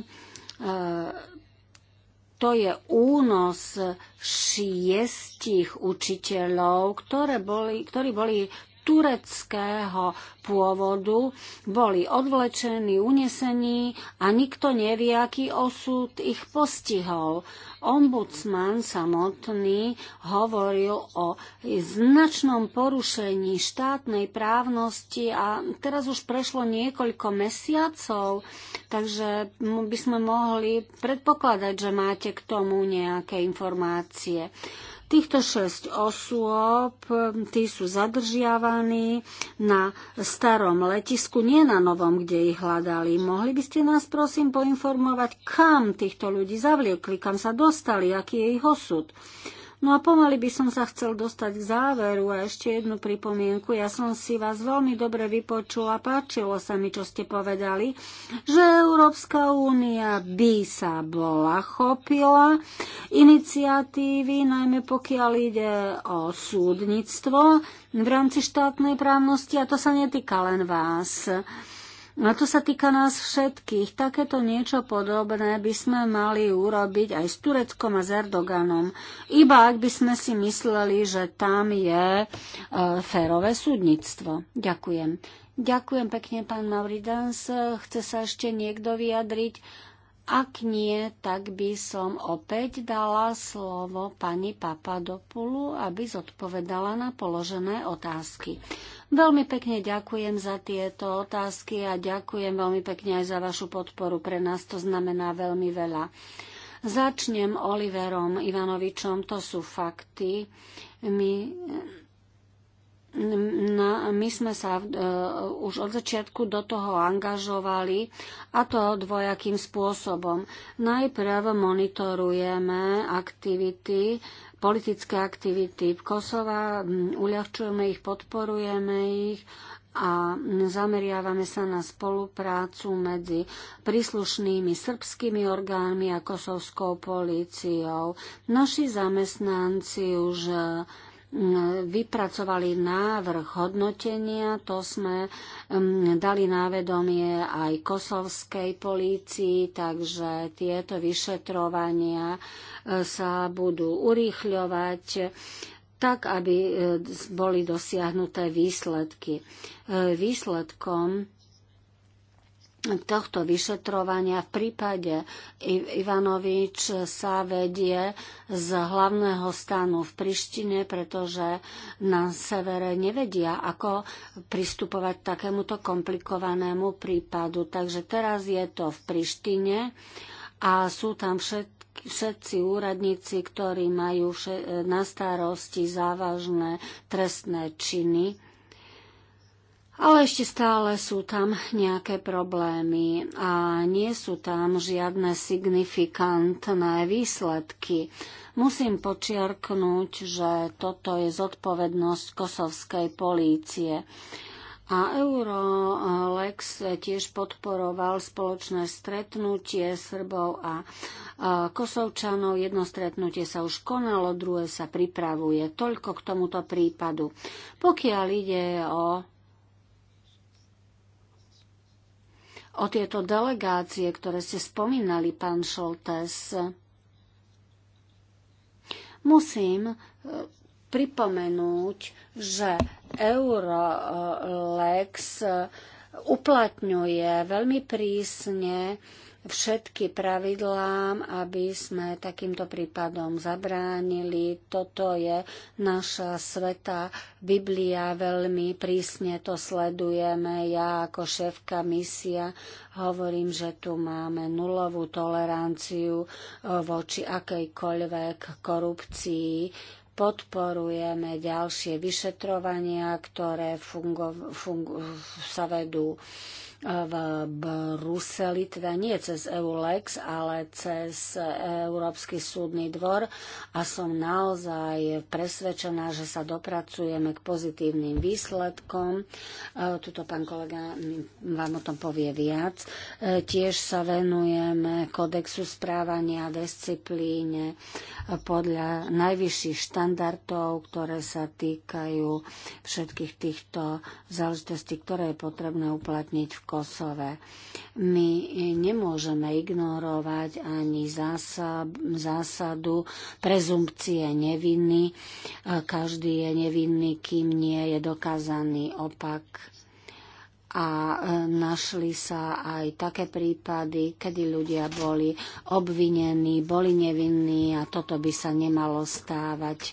to je únos šiestich učiteľov, ktoré boli, ktorí boli tureckého pôvodu, boli odvlečení, unesení a nikto nevie, aký osud ich postihol. Ombudsman samotný hovoril o značnom porušení štátnej právnosti a teraz už prešlo niekoľko mesiacov, takže by sme mohli predpokladať, že máte k tomu nejaké informácie. Týchto šesť osôb, hm, tí sú zadržiavaní na starom letisku, nie na novom, kde ich hľadali. Mohli by ste nás prosím poinformovať, kam týchto ľudí zavliekli, kam sa dostali, aký je ich osud? No a pomaly by som sa chcel dostať k záveru a ešte jednu pripomienku. Ja som si vás veľmi dobre vypočula, páčilo sa mi, čo ste povedali, že Európska únia by sa bola chopila iniciatívy, najmä pokiaľ ide o súdnictvo v rámci štátnej právnosti a to sa netýka len vás. A no to sa týka nás všetkých. Takéto niečo podobné by sme mali urobiť aj s Tureckom a s Erdoganom. Iba ak by sme si mysleli, že tam je e, férové súdnictvo. Ďakujem. Ďakujem pekne, pán Mauridans. Chce sa ešte niekto vyjadriť? Ak nie, tak by som opäť dala slovo pani Papadopulu, aby zodpovedala na položené otázky. Veľmi pekne ďakujem za tieto otázky a ďakujem veľmi pekne aj za vašu podporu. Pre nás to znamená veľmi veľa. Začnem Oliverom Ivanovičom, to sú fakty. My na, my sme sa uh, už od začiatku do toho angažovali a to dvojakým spôsobom. Najprv monitorujeme aktivity politické aktivity v Kosova, uľahčujeme ich, podporujeme ich a zameriavame sa na spoluprácu medzi príslušnými srbskými orgánmi a kosovskou políciou. Naši zamestnanci už vypracovali návrh hodnotenia, to sme dali návedomie aj kosovskej polícii, takže tieto vyšetrovania e, sa budú urýchľovať tak, aby e, boli dosiahnuté výsledky. E, výsledkom tohto vyšetrovania v prípade Ivanovič sa vedie z hlavného stanu v Prištine, pretože na severe nevedia, ako pristupovať takémuto komplikovanému prípadu. Takže teraz je to v Prištine a sú tam všetky všetci úradníci, ktorí majú na starosti závažné trestné činy ale ešte stále sú tam nejaké problémy a nie sú tam žiadne signifikantné výsledky. Musím počiarknúť, že toto je zodpovednosť kosovskej polície. A Eurolex tiež podporoval spoločné stretnutie Srbov a Kosovčanov. Jedno stretnutie sa už konalo, druhé sa pripravuje. Toľko k tomuto prípadu. Pokiaľ ide o o tieto delegácie, ktoré ste spomínali, pán Šoltes. Musím e, pripomenúť, že Eurolex e, uplatňuje veľmi prísne všetky pravidlám, aby sme takýmto prípadom zabránili. Toto je naša sveta. Biblia veľmi prísne to sledujeme. Ja ako šéfka misia hovorím, že tu máme nulovú toleranciu eh, voči akejkoľvek korupcii podporujeme ďalšie vyšetrovania, ktoré fungo, fungo, sa vedú v Bruseli, teda nie cez EULEX, ale cez Európsky súdny dvor a som naozaj presvedčená, že sa dopracujeme k pozitívnym výsledkom. E, tuto pán kolega vám o tom povie viac. E, tiež sa venujeme kodexu správania a disciplíne podľa najvyšších štandardov, ktoré sa týkajú všetkých týchto záležitostí, ktoré je potrebné uplatniť v Kosove. My nemôžeme ignorovať ani zásadu prezumpcie nevinny. Každý je nevinný, kým nie je dokázaný opak a e, našli sa aj také prípady, kedy ľudia boli obvinení, boli nevinní a toto by sa nemalo stávať. E,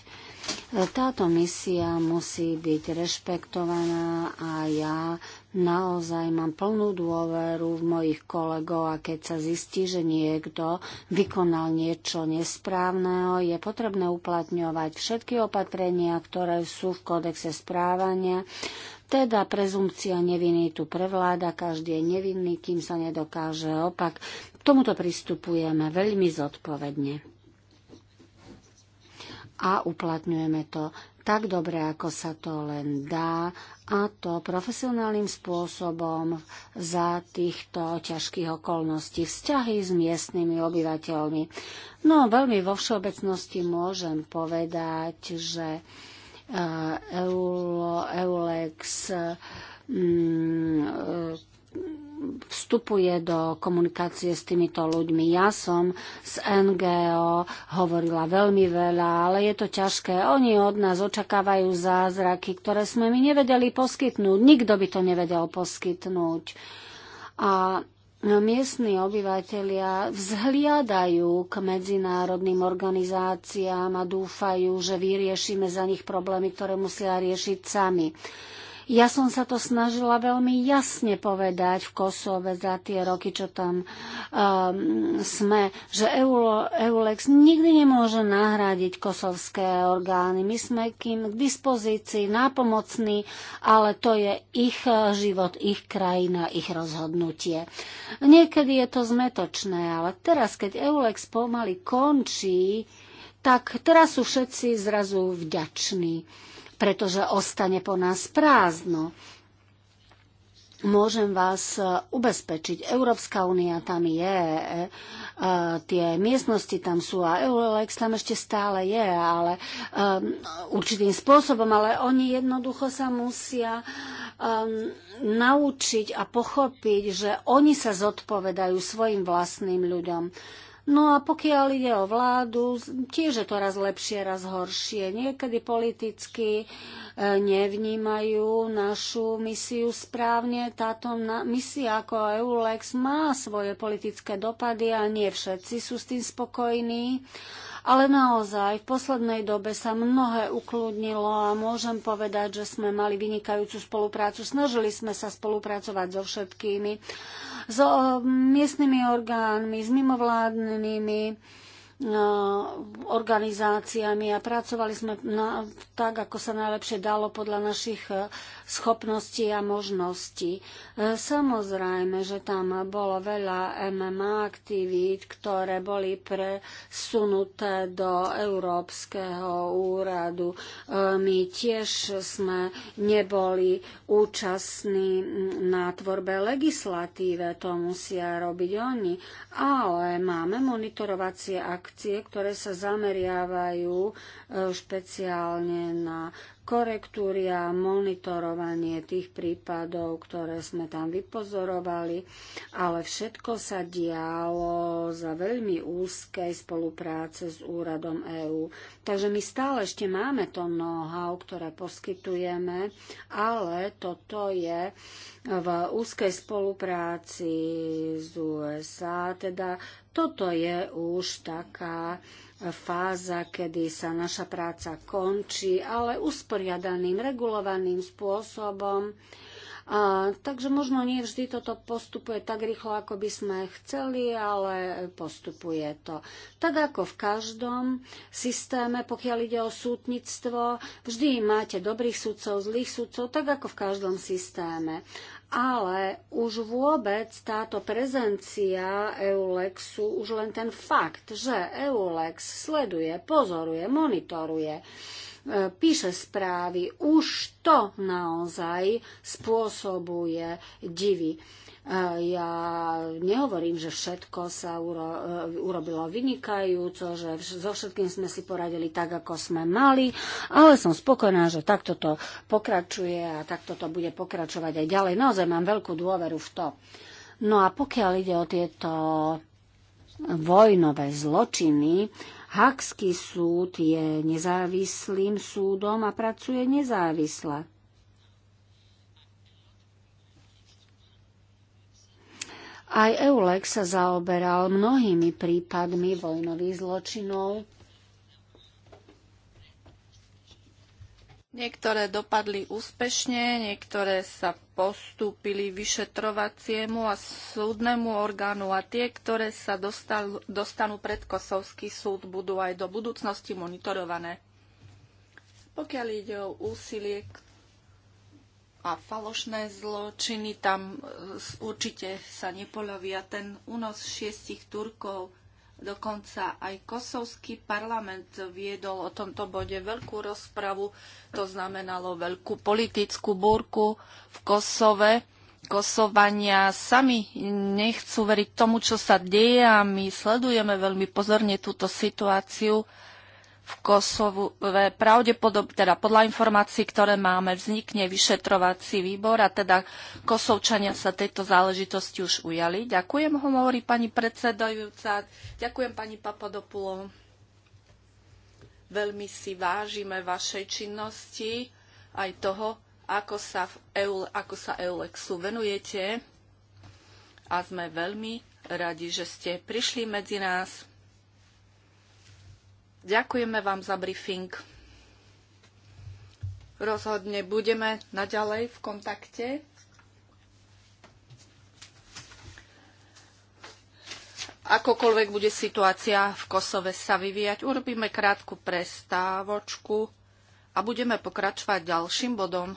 táto misia musí byť rešpektovaná a ja Naozaj mám plnú dôveru v mojich kolegov a keď sa zistí, že niekto vykonal niečo nesprávneho, je potrebné uplatňovať všetky opatrenia, ktoré sú v kódexe správania. Teda prezumcia neviny tu prevláda, každý je nevinný, kým sa nedokáže opak. K tomuto pristupujeme veľmi zodpovedne. A uplatňujeme to tak dobre, ako sa to len dá a to profesionálnym spôsobom za týchto ťažkých okolností, vzťahy s miestnymi obyvateľmi. No veľmi vo všeobecnosti môžem povedať, že e, Eulex uh, vstupuje do komunikácie s týmito ľuďmi. Ja som z NGO hovorila veľmi veľa, ale je to ťažké. Oni od nás očakávajú zázraky, ktoré sme my nevedeli poskytnúť. Nikto by to nevedel poskytnúť. A miestni obyvateľia vzhliadajú k medzinárodným organizáciám a dúfajú, že vyriešime za nich problémy, ktoré musia riešiť sami. Ja som sa to snažila veľmi jasne povedať v Kosove za tie roky, čo tam um, sme, že Eulo, Eulex nikdy nemôže nahradiť kosovské orgány. My sme kým k dispozícii, nápomocní, ale to je ich eh, život, ich krajina, ich rozhodnutie. Niekedy je to zmetočné, ale teraz, keď Eulex pomaly končí, tak teraz sú všetci zrazu vďační pretože ostane po nás prázdno. Môžem vás e, ubezpečiť, Európska únia tam je, e, e, tie miestnosti tam sú a Eurolex tam ešte stále je, ale určitým spôsobom, ale oni jednoducho sa musia um, naučiť a pochopiť, že oni sa zodpovedajú svojim vlastným ľuďom. No a pokiaľ ide o vládu, tiež je to raz lepšie, raz horšie. Niekedy politicky e, nevnímajú našu misiu správne. Táto misia ako EULEX má svoje politické dopady a nie všetci sú s tým spokojní ale naozaj v poslednej dobe sa mnohé ukludnilo a môžem povedať, že sme mali vynikajúcu spoluprácu. Snažili sme sa spolupracovať so všetkými, s so e, miestnymi orgánmi, s mimovládnymi Eh, organizáciami a pracovali sme na, tak, ako sa najlepšie dalo podľa našich eh, schopností a možností. Eh, samozrejme, že tam bolo veľa MMA aktivít, ktoré boli presunuté do Európskeho úradu. My tiež sme neboli účastní na tvorbe legislatíve, to musia robiť oni, ale máme monitorovacie aktivity akcie, ktoré sa zameriavajú e, špeciálne na korektúry a monitorovanie tých prípadov, ktoré sme tam vypozorovali, ale všetko sa dialo za veľmi úzkej spolupráce s úradom EÚ. Takže my stále ešte máme to know-how, ktoré poskytujeme, ale toto je v úzkej spolupráci s USA, teda toto je už taká fáza, kedy sa naša práca končí, ale usporiadaným, regulovaným spôsobom a, takže možno nie vždy toto postupuje tak rýchlo, ako by sme chceli, ale postupuje to. Tak ako v každom systéme, pokiaľ ide o súdnictvo, vždy máte dobrých súdcov, zlých súdcov, tak ako v každom systéme. Ale už vôbec táto prezencia EULEXu, už len ten fakt, že EULEX sleduje, pozoruje, monitoruje, E, píše správy. Už to naozaj spôsobuje divy. E, ja nehovorím, že všetko sa uro, e, urobilo vynikajúco, že so všetkým sme si poradili tak, ako sme mali, ale som spokojná, že takto to pokračuje a takto to bude pokračovať aj ďalej. Naozaj mám veľkú dôveru v to. No a pokiaľ ide o tieto vojnové zločiny, Hakský súd je nezávislým súdom a pracuje nezávisle. Aj Eulek sa zaoberal mnohými prípadmi vojnových zločinov Niektoré dopadli úspešne, niektoré sa postúpili vyšetrovaciemu a súdnemu orgánu a tie, ktoré sa dostal, dostanú pred Kosovský súd, budú aj do budúcnosti monitorované. Pokiaľ ide o úsilie a falošné zločiny, tam e, určite sa nepolavia ten únos šiestich Turkov Dokonca aj kosovský parlament viedol o tomto bode veľkú rozpravu. To znamenalo veľkú politickú búrku v Kosove. Kosovania sami nechcú veriť tomu, čo sa deje a my sledujeme veľmi pozorne túto situáciu v Kosovu e, pravdepodobne, teda podľa informácií, ktoré máme, vznikne vyšetrovací výbor a teda Kosovčania sa tejto záležitosti už ujali. Ďakujem, hovorí pani predsedajúca. Ďakujem pani Papadopulo. Veľmi si vážime vašej činnosti aj toho, ako sa, v EU, ako sa EULEXu venujete a sme veľmi radi, že ste prišli medzi nás. Ďakujeme vám za briefing. Rozhodne budeme naďalej v kontakte. Akokoľvek bude situácia v Kosove sa vyvíjať, urobíme krátku prestávočku a budeme pokračovať ďalším bodom.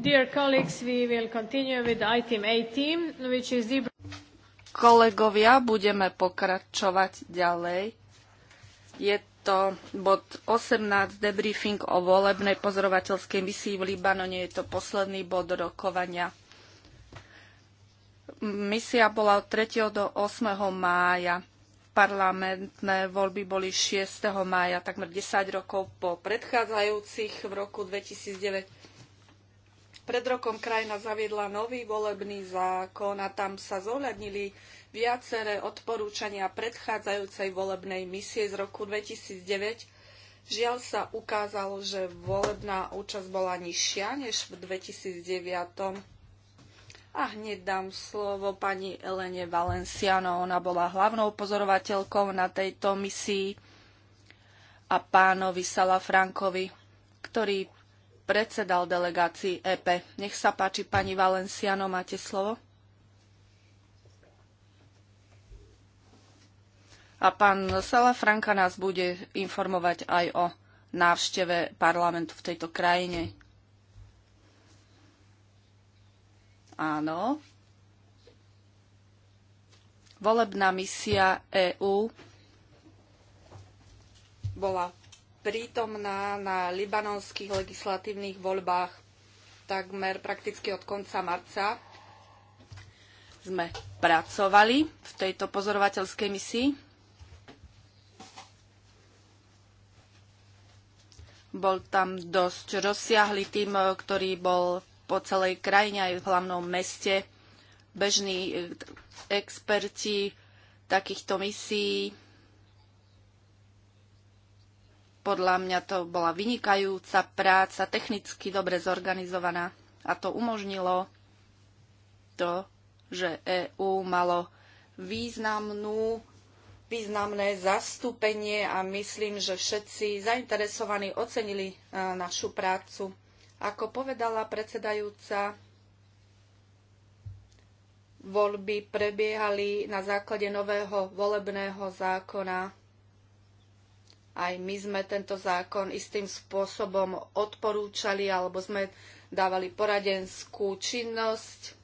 Dear colleagues, we will continue with item 18, which is the... Kolegovia, budeme pokračovať ďalej. Je to bod 18, debriefing o volebnej pozorovateľskej misii v Libanone. Je to posledný bod rokovania. Misia bola od 3. do 8. mája parlamentné voľby boli 6. mája, takmer 10 rokov po predchádzajúcich v roku 2009. Pred rokom krajina zaviedla nový volebný zákon a tam sa zohľadnili viaceré odporúčania predchádzajúcej volebnej misie z roku 2009. Žiaľ sa ukázalo, že volebná účasť bola nižšia než v 2009. A hneď dám slovo pani Elene Valenciano. Ona bola hlavnou pozorovateľkou na tejto misii a pánovi Salafrankovi, ktorý predsedal delegácii EP. Nech sa páči, pani Valenciano, máte slovo. A pán Sala Franka nás bude informovať aj o návšteve parlamentu v tejto krajine. Áno. Volebná misia EÚ bola prítomná na libanonských legislatívnych voľbách takmer prakticky od konca marca. Sme pracovali v tejto pozorovateľskej misii. Bol tam dosť rozsiahly tým, ktorý bol po celej krajine aj v hlavnom meste. Bežní eh, experti takýchto misií podľa mňa to bola vynikajúca práca, technicky dobre zorganizovaná a to umožnilo to, že EÚ malo významnú významné zastúpenie a myslím, že všetci zainteresovaní ocenili e, našu prácu. Ako povedala predsedajúca, voľby prebiehali na základe nového volebného zákona aj my sme tento zákon istým spôsobom odporúčali alebo sme dávali poradenskú činnosť.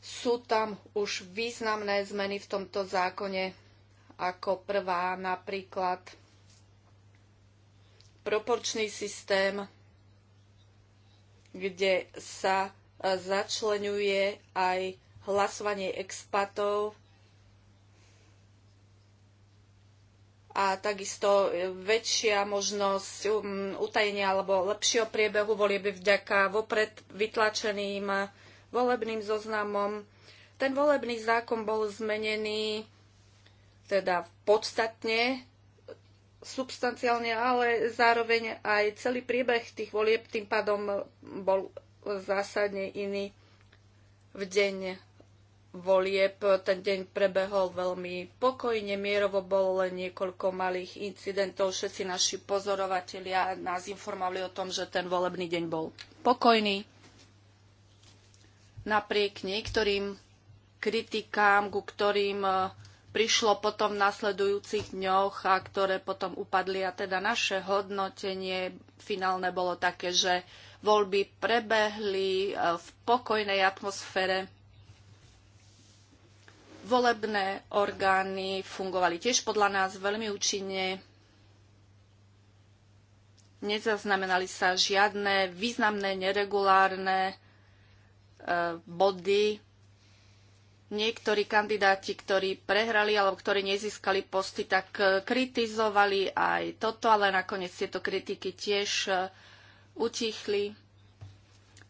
Sú tam už významné zmeny v tomto zákone, ako prvá napríklad proporčný systém, kde sa začlenuje aj hlasovanie expatov a takisto e, väčšia možnosť um, utajenia alebo lepšieho priebehu volieby vďaka vopred vytlačeným e, volebným zoznamom. Ten volebný zákon bol zmenený teda podstatne, substanciálne, ale zároveň aj celý priebeh tých volieb tým pádom e, bol zásadne iný v deň volieb. Ten deň prebehol veľmi pokojne, mierovo bolo len niekoľko malých incidentov. Všetci naši pozorovatelia nás informovali o tom, že ten volebný deň bol pokojný. Napriek niektorým kritikám, ku ktorým e, prišlo potom v nasledujúcich dňoch a ktoré potom upadli. A teda naše hodnotenie finálne bolo také, že voľby prebehli e, v pokojnej atmosfére Volebné orgány fungovali tiež podľa nás veľmi účinne. Nezaznamenali sa žiadne významné neregulárne e, body. Niektorí kandidáti, ktorí prehrali alebo ktorí nezískali posty, tak e, kritizovali aj toto, ale nakoniec tieto kritiky tiež e, utichli.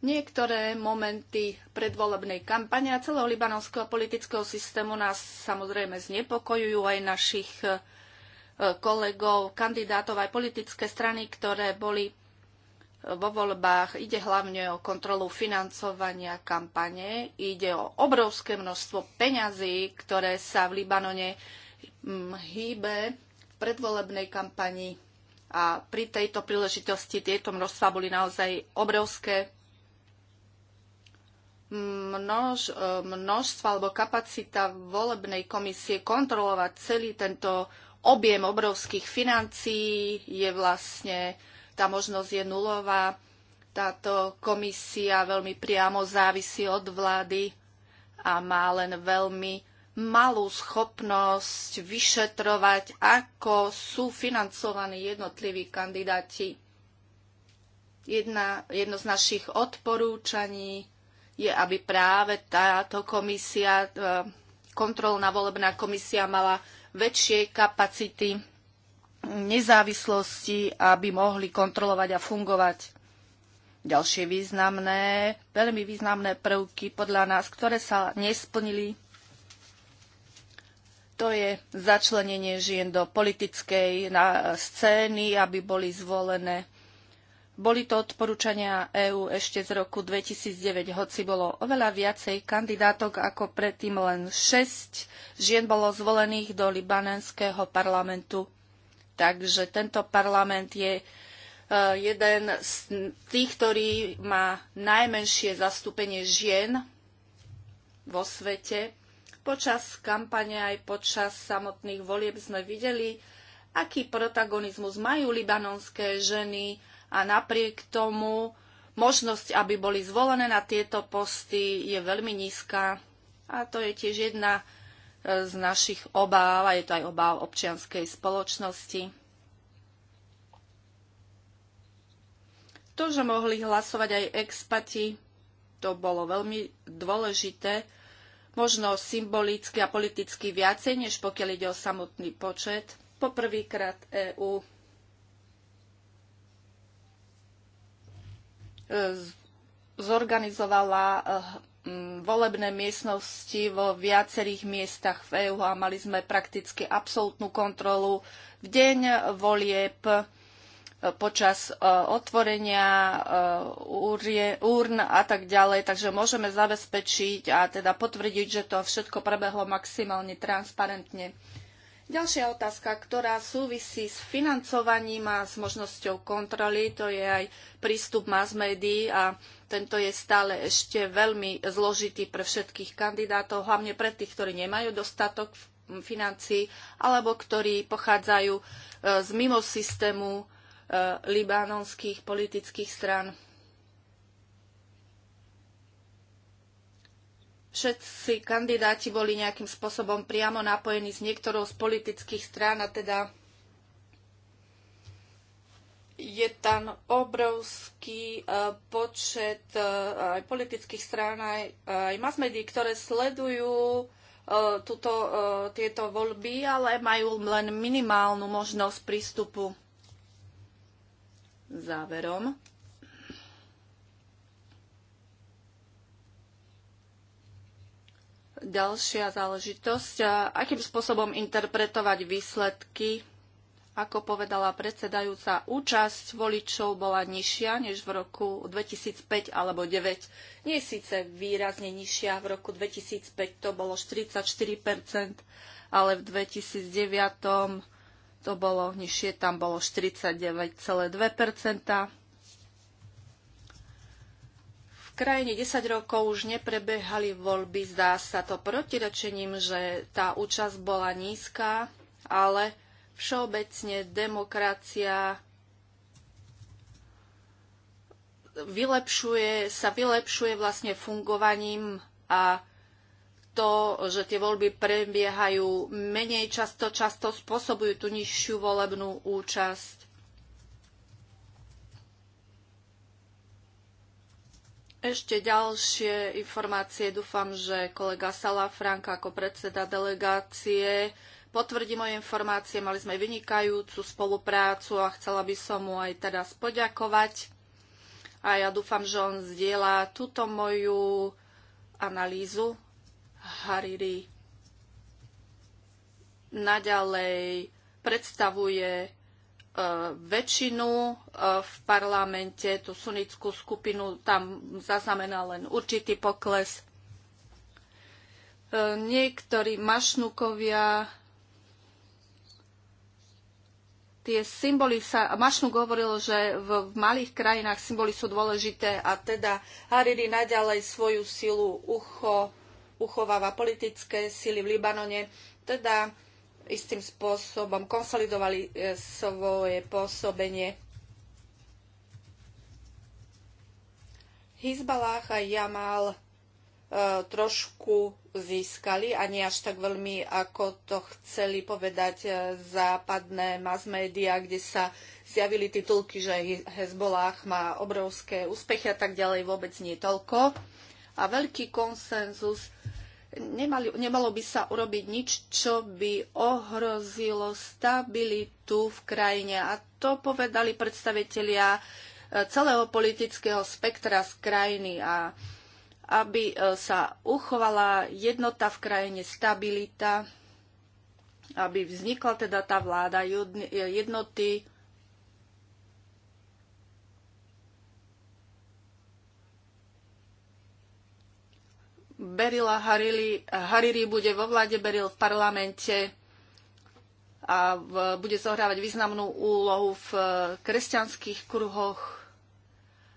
Niektoré momenty predvolebnej kampane a celého libanonského politického systému nás samozrejme znepokojujú aj našich e, kolegov, kandidátov, aj politické strany, ktoré boli e, vo voľbách. Ide hlavne o kontrolu financovania kampane, ide o obrovské množstvo peňazí, ktoré sa v Libanone mm, hýbe v predvolebnej kampani. A pri tejto príležitosti tieto množstva boli naozaj obrovské množ, e, množstvo alebo kapacita volebnej komisie kontrolovať celý tento objem obrovských financií je vlastne, tá možnosť je nulová. Táto komisia veľmi priamo závisí od vlády a má len veľmi malú schopnosť vyšetrovať, ako sú financovaní jednotliví kandidáti. Jedna, jedno z našich odporúčaní je, aby práve táto komisia, e, kontrolná volebná komisia mala väčšie kapacity nezávislosti, aby mohli kontrolovať a fungovať. Ďalšie významné, veľmi významné prvky podľa nás, ktoré sa nesplnili, to je začlenenie žien do politickej scény, aby boli zvolené boli to odporúčania EÚ ešte z roku 2009, hoci bolo oveľa viacej kandidátok ako predtým len 6 žien bolo zvolených do libanenského parlamentu. Takže tento parlament je e, jeden z tých, ktorý má najmenšie zastúpenie žien vo svete. Počas kampane aj počas samotných volieb sme videli, aký protagonizmus majú libanonské ženy, a napriek tomu možnosť, aby boli zvolené na tieto posty, je veľmi nízka. A to je tiež jedna e, z našich obáv, a je to aj obáv občianskej spoločnosti. To, že mohli hlasovať aj expati, to bolo veľmi dôležité, možno symbolicky a politicky viacej, než pokiaľ ide o samotný počet. Poprvýkrát EÚ zorganizovala eh, volebné miestnosti vo viacerých miestach v EÚ a mali sme prakticky absolútnu kontrolu v deň volieb eh, počas eh, otvorenia úrn a tak ďalej. Takže môžeme zabezpečiť a teda potvrdiť, že to všetko prebehlo maximálne transparentne. Ďalšia otázka, ktorá súvisí s financovaním a s možnosťou kontroly, to je aj prístup mass médií a tento je stále ešte veľmi zložitý pre všetkých kandidátov, hlavne pre tých, ktorí nemajú dostatok financií alebo ktorí pochádzajú e, z mimo systému e, libanonských politických strán. všetci kandidáti boli nejakým spôsobom priamo napojení s niektorou z politických strán a teda je tam obrovský e, počet e, aj politických strán, aj, aj masmedí, ktoré sledujú e, tuto, tieto voľby, ale majú len minimálnu možnosť prístupu. Záverom Ďalšia záležitosť. Akým spôsobom interpretovať výsledky? Ako povedala predsedajúca, účasť voličov bola nižšia než v roku 2005 alebo 2009. Nie síce výrazne nižšia, v roku 2005 to bolo 44%, ale v 2009 to bolo nižšie, tam bolo 49,2% krajine 10 rokov už neprebehali voľby. Zdá sa to protirečením, že tá účasť bola nízka, ale všeobecne demokracia vylepšuje, sa vylepšuje vlastne fungovaním a to, že tie voľby prebiehajú menej často, často spôsobujú tú nižšiu volebnú účasť. Ešte ďalšie informácie. Dúfam, že kolega Sala Franka ako predseda delegácie potvrdí moje informácie. Mali sme vynikajúcu spoluprácu a chcela by som mu aj teraz poďakovať. A ja dúfam, že on zdieľa túto moju analýzu Hariri. Naďalej predstavuje E, väčšinu e, v parlamente, tú sunnickú skupinu, tam zaznamenal len určitý pokles. E, niektorí mašnukovia, tie symboly sa, Mašnuk hovoril, že v, v malých krajinách symboly sú dôležité a teda Hariri naďalej svoju silu ucho, uchováva politické sily v Libanone. Teda istým spôsobom konsolidovali e, svoje pôsobenie. Hizbalách a Jamal e, trošku získali a nie až tak veľmi, ako to chceli povedať e, západné mass media, kde sa zjavili titulky, že Hezbolách má obrovské úspechy a tak ďalej, vôbec nie toľko. A veľký konsenzus nemali, nemalo by sa urobiť nič, čo by ohrozilo stabilitu v krajine. A to povedali predstavitelia e, celého politického spektra z krajiny. A aby e, sa uchovala jednota v krajine, stabilita, aby vznikla teda tá vláda jednoty, Berila Hariri, Hariri bude vo vláde Beril v parlamente a v, bude zohrávať významnú úlohu v eh, kresťanských kruhoch.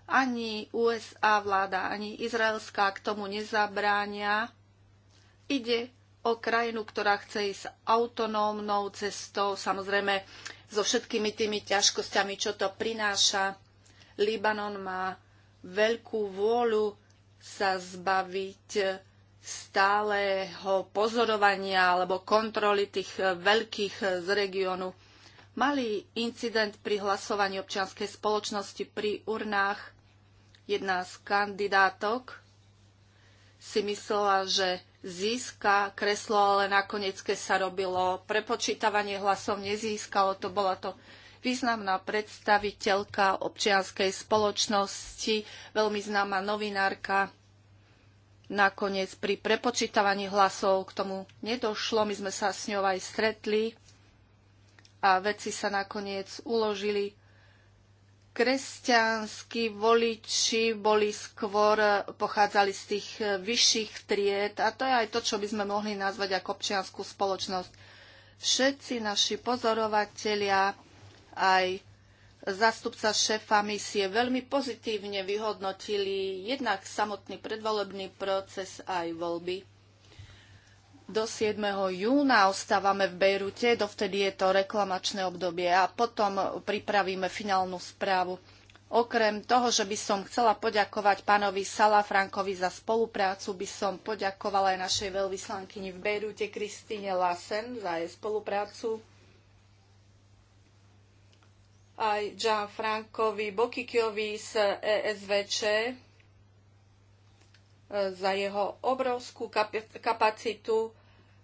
Ani USA vláda, ani izraelská k tomu nezabránia. Ide o krajinu, ktorá chce ísť autonómnou cestou, samozrejme so všetkými tými ťažkosťami, čo to prináša. Libanon má veľkú vôľu sa zbaviť stáleho pozorovania alebo kontroly tých eh, veľkých eh, z regiónu. Malý incident pri hlasovaní občianskej spoločnosti pri urnách. Jedna z kandidátok si myslela, že získa kreslo, ale nakoniec, keď sa robilo prepočítavanie hlasov, nezískalo. To bola to významná predstaviteľka občianskej spoločnosti, veľmi známa novinárka, Nakoniec pri prepočítavaní hlasov k tomu nedošlo, my sme sa s ňou aj stretli a veci sa nakoniec uložili. Kresťanskí voliči boli skôr, pochádzali z tých vyšších tried a to je aj to, čo by sme mohli nazvať ako občianskú spoločnosť. Všetci naši pozorovatelia aj zástupca šéfa misie veľmi pozitívne vyhodnotili jednak samotný predvolebný proces aj voľby. Do 7. júna ostávame v Bejrute, dovtedy je to reklamačné obdobie a potom pripravíme finálnu správu. Okrem toho, že by som chcela poďakovať pánovi Frankovi za spoluprácu, by som poďakovala aj našej veľvyslankyni v Bejrute Kristine Lassen za jej spoluprácu aj Gianfrancovi Bokikiovi z ESVČ e, za jeho obrovskú kapacitu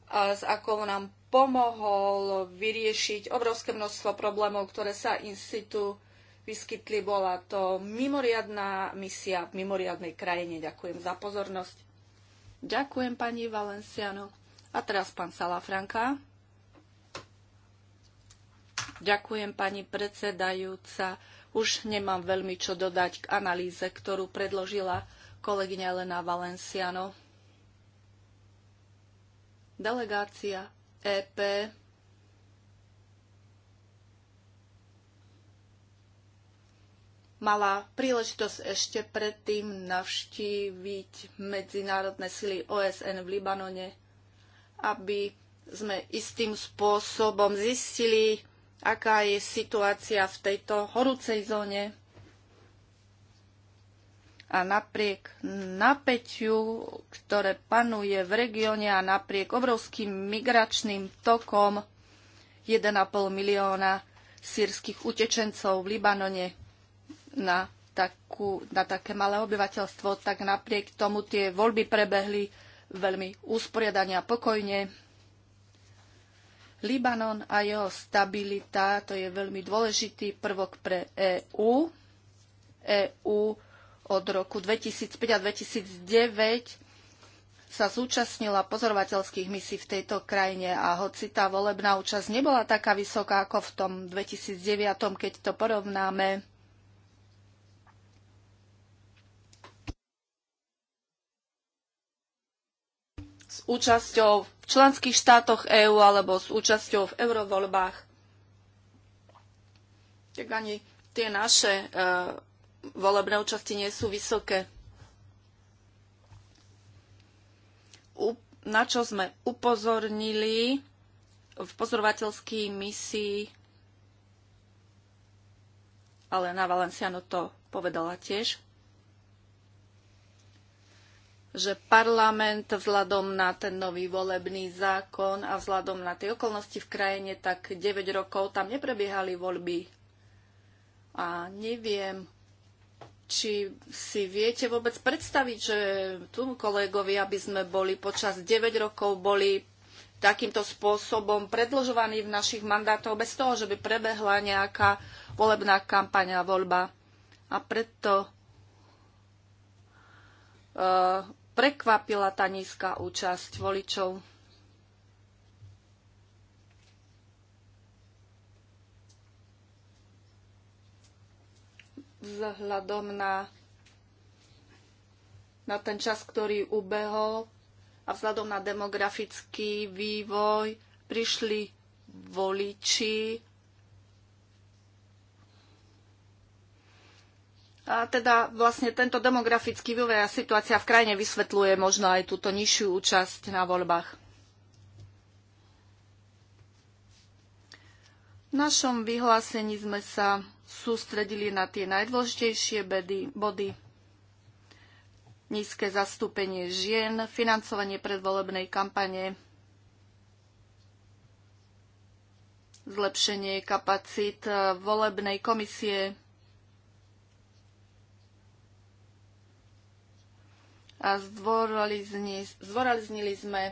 a s akou nám pomohol vyriešiť obrovské množstvo problémov, ktoré sa institu vyskytli. Bola to mimoriadná misia v mimoriadnej krajine. Ďakujem za pozornosť. Ďakujem pani Valenciano. A teraz pán Salafranka. Franka. Ďakujem, pani predsedajúca. Už nemám veľmi čo dodať k analýze, ktorú predložila kolegyňa Elena Valenciano. Delegácia EP mala príležitosť ešte predtým navštíviť medzinárodné sily OSN v Libanone, aby sme istým spôsobom zistili, aká je situácia v tejto horúcej zóne. A napriek napätiu, ktoré panuje v regióne a napriek obrovským migračným tokom 1,5 milióna sírskych utečencov v Libanone na, takú, na také malé obyvateľstvo, tak napriek tomu tie voľby prebehli veľmi usporiadania pokojne Libanon a jeho stabilita, to je veľmi dôležitý prvok pre EÚ. EÚ od roku 2005 a 2009 sa zúčastnila pozorovateľských misí v tejto krajine a hoci tá volebná účasť nebola taká vysoká ako v tom 2009, keď to porovnáme s účasťou v členských štátoch EÚ alebo s účasťou v eurovoľbách. Tak ani tie naše e, volebné účasti nie sú vysoké. U, na čo sme upozornili v pozorovateľskej misii, ale na Valenciano to povedala tiež, že parlament vzhľadom na ten nový volebný zákon a vzhľadom na tie okolnosti v krajine, tak 9 rokov tam neprebiehali voľby. A neviem, či si viete vôbec predstaviť, že tu kolegovi, aby sme boli počas 9 rokov boli takýmto spôsobom predlžovaní v našich mandátoch bez toho, že by prebehla nejaká volebná kampaň a voľba. A preto prekvapila tá nízka účasť voličov. Vzhľadom na, na ten čas, ktorý ubehol a vzhľadom na demografický vývoj prišli voliči A teda vlastne tento demografický vývoj a situácia v krajine vysvetľuje možno aj túto nižšiu účasť na voľbách. V našom vyhlásení sme sa sústredili na tie najdôležitejšie body. Nízke zastúpenie žien, financovanie predvolebnej kampane, zlepšenie kapacít eh, volebnej komisie, a zdôraznili sme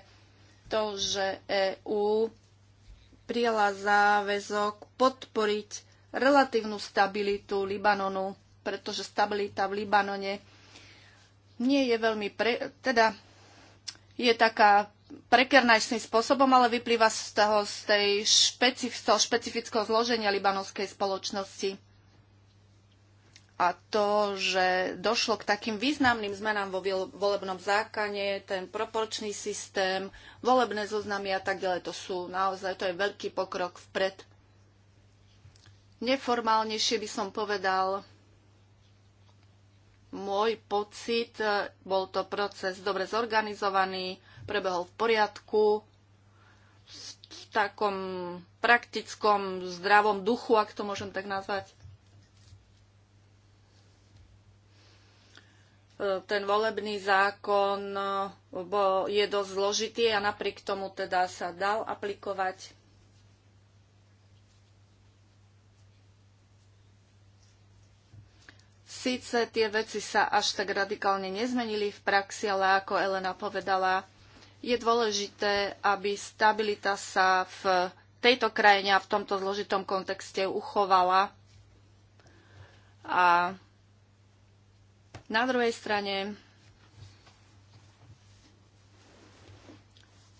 to, že EÚ prijala záväzok podporiť relatívnu stabilitu Libanonu, pretože stabilita v Libanone nie je veľmi pre, teda je taká prekernačným spôsobom, ale vyplýva z toho, z, tej špecif, z toho špecifického zloženia libanonskej spoločnosti a to, že došlo k takým významným zmenám vo volebnom zákane, ten proporčný systém, volebné zoznamy a tak ďalej, to sú naozaj, to je veľký pokrok vpred. Neformálnejšie by som povedal, môj pocit, e, bol to proces dobre zorganizovaný, prebehol v poriadku, v takom praktickom, zdravom duchu, ak to môžem tak nazvať. ten volebný zákon eh, je dosť zložitý a napriek tomu teda sa dal aplikovať. Síce tie veci sa až tak radikálne nezmenili v praxi, ale ako Elena povedala, je dôležité, aby stabilita sa v tejto krajine a v tomto zložitom kontexte uchovala. A na druhej strane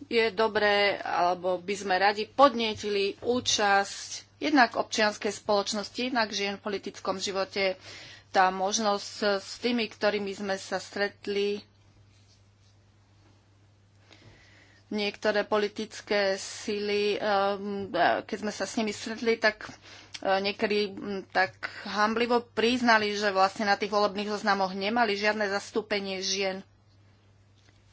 je dobré, alebo by sme radi podnietili účasť jednak občianskej spoločnosti, jednak žien v politickom živote. Tá možnosť s tými, ktorými sme sa stretli niektoré politické síly, eh, keď sme sa s nimi stretli, tak eh, niekedy hm, tak hamblivo priznali, že vlastne na tých volebných zoznamoch nemali žiadne zastúpenie žien.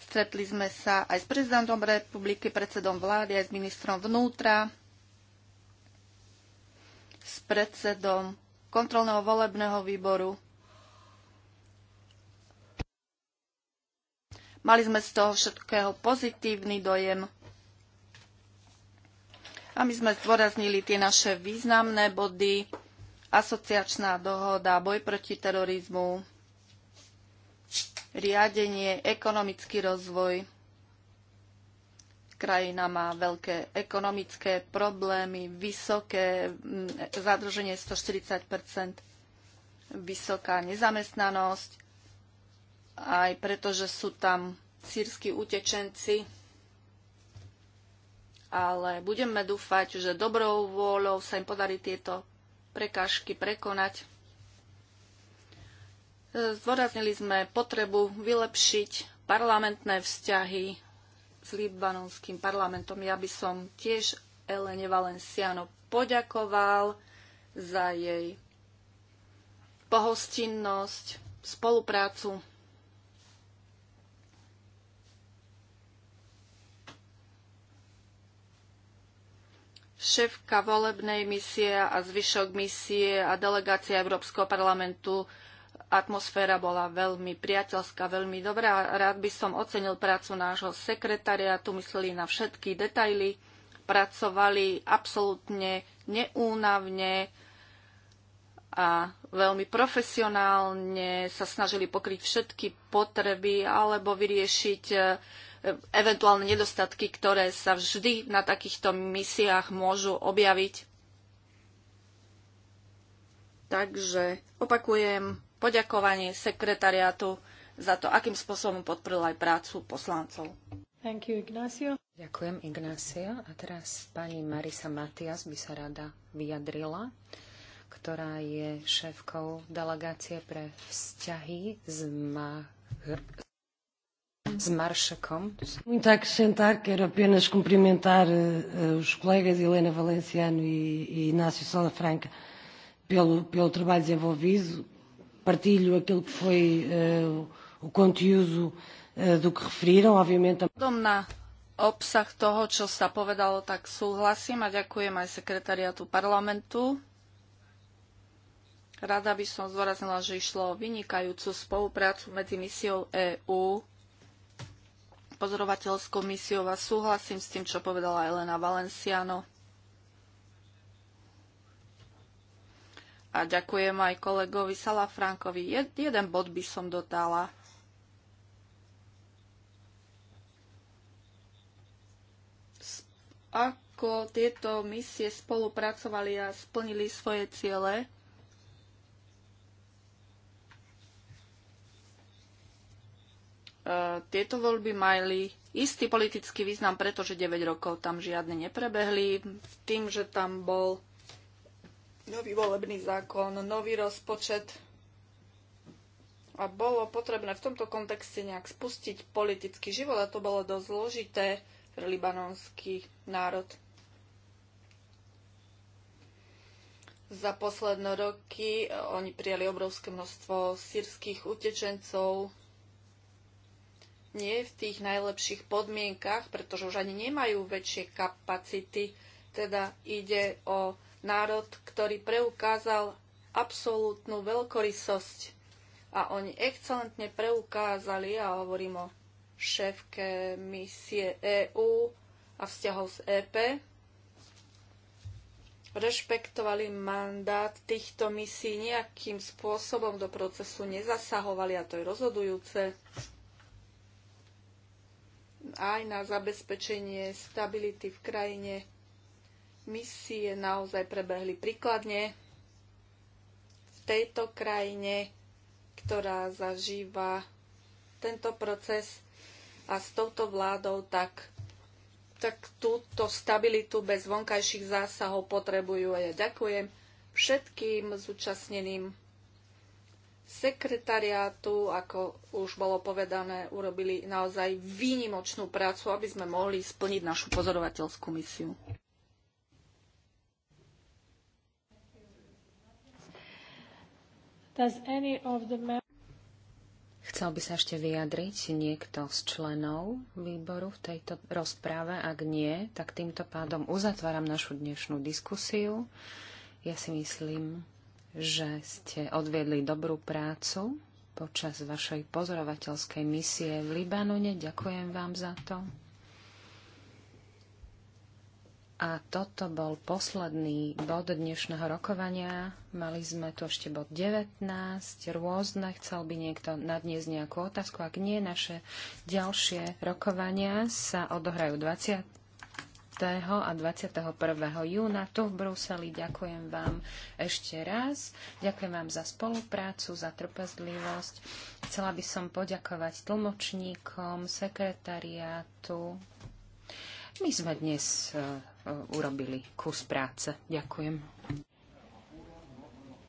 Stretli sme sa aj s prezidentom republiky, predsedom vlády, aj s ministrom vnútra, s predsedom kontrolného volebného výboru Mali sme z toho všetkého pozitívny dojem. A my sme zdôraznili tie naše významné body, asociačná dohoda, boj proti terorizmu, riadenie, ekonomický rozvoj. Krajina má veľké ekonomické problémy, vysoké mm, zadrženie 140 vysoká nezamestnanosť aj preto, že sú tam sírsky utečenci. Ale budeme dúfať, že dobrou vôľou sa im podarí tieto prekážky prekonať. Zdôraznili sme potrebu vylepšiť parlamentné vzťahy s libanonským parlamentom. Ja by som tiež Elene Valenciano poďakoval za jej pohostinnosť, spoluprácu šéfka volebnej misie a zvyšok misie a delegácia Európskeho parlamentu. Atmosféra bola veľmi priateľská, veľmi dobrá. Rád by som ocenil prácu nášho sekretária, tu mysleli na všetky detaily, pracovali absolútne neúnavne a veľmi profesionálne sa snažili pokryť všetky potreby alebo vyriešiť eh, eventuálne nedostatky, ktoré sa vždy na takýchto misiách môžu objaviť. Takže opakujem poďakovanie sekretariátu za to, akým spôsobom podporil aj prácu poslancov. Thank you, Ignacio. Ďakujem, Ignacio. A teraz pani Marisa Matias by sa rada vyjadrila, ktorá je šéfkou delegácie pre vzťahy z Mahr s Maršakom. Muito a acrescentar, quero apenas cumprimentar uh, os colegas Helena Valenciano e, e Inácio Salafranca pelo, pelo trabalho desenvolvido. Partilho aquilo que foi uh, o conteúdo uh, do que referiram, obviamente. Domna obsah toho, čo sa povedalo, tak súhlasím a ďakujem aj sekretariatu parlamentu. Rada by som zdôraznila, že išlo o vynikajúcu spoluprácu medzi misiou EÚ pozorovateľskou misiou a súhlasím s tým, čo povedala Elena Valenciano. A ďakujem aj kolegovi Salafrankovi. Jed, jeden bod by som dodala. Ako tieto misie spolupracovali a splnili svoje ciele, E, tieto voľby mali istý politický význam, pretože 9 rokov tam žiadne neprebehli. Tým, že tam bol nový volebný zákon, nový rozpočet a bolo potrebné v tomto kontexte nejak spustiť politický život a to bolo dosť zložité pre libanonský národ. Za posledné roky e, oni prijali obrovské množstvo sírskych utečencov, nie v tých najlepších podmienkach, pretože už ani nemajú väčšie kapacity. Teda ide o národ, ktorý preukázal absolútnu veľkorysosť. A oni excelentne preukázali, a hovorím o šéfke misie EÚ a vzťahov z EP, rešpektovali mandát týchto misií nejakým spôsobom do procesu nezasahovali a to je rozhodujúce aj na zabezpečenie stability v krajine. Misie naozaj prebehli príkladne v tejto krajine, ktorá zažíva tento proces a s touto vládou tak, tak túto stabilitu bez vonkajších zásahov potrebujú. A ja ďakujem všetkým zúčastneným sekretariátu, ako už bolo povedané, urobili naozaj výnimočnú prácu, aby sme mohli splniť našu pozorovateľskú misiu. Chcel by sa ešte vyjadriť niekto z členov výboru v tejto rozpráve. Ak nie, tak týmto pádom uzatváram našu dnešnú diskusiu. Ja si myslím, že ste odviedli dobrú prácu počas vašej pozorovateľskej misie v Libanone. Ďakujem vám za to. A toto bol posledný bod dnešného rokovania. Mali sme tu ešte bod 19, rôzne. Chcel by niekto dnes nejakú otázku. Ak nie, naše ďalšie rokovania sa odohrajú 20 a 21. júna tu v Bruseli. Ďakujem vám ešte raz. Ďakujem vám za spoluprácu, za trpezlivosť. Chcela by som poďakovať tlmočníkom, sekretariátu. My sme dnes eh, urobili kus práce. Ďakujem.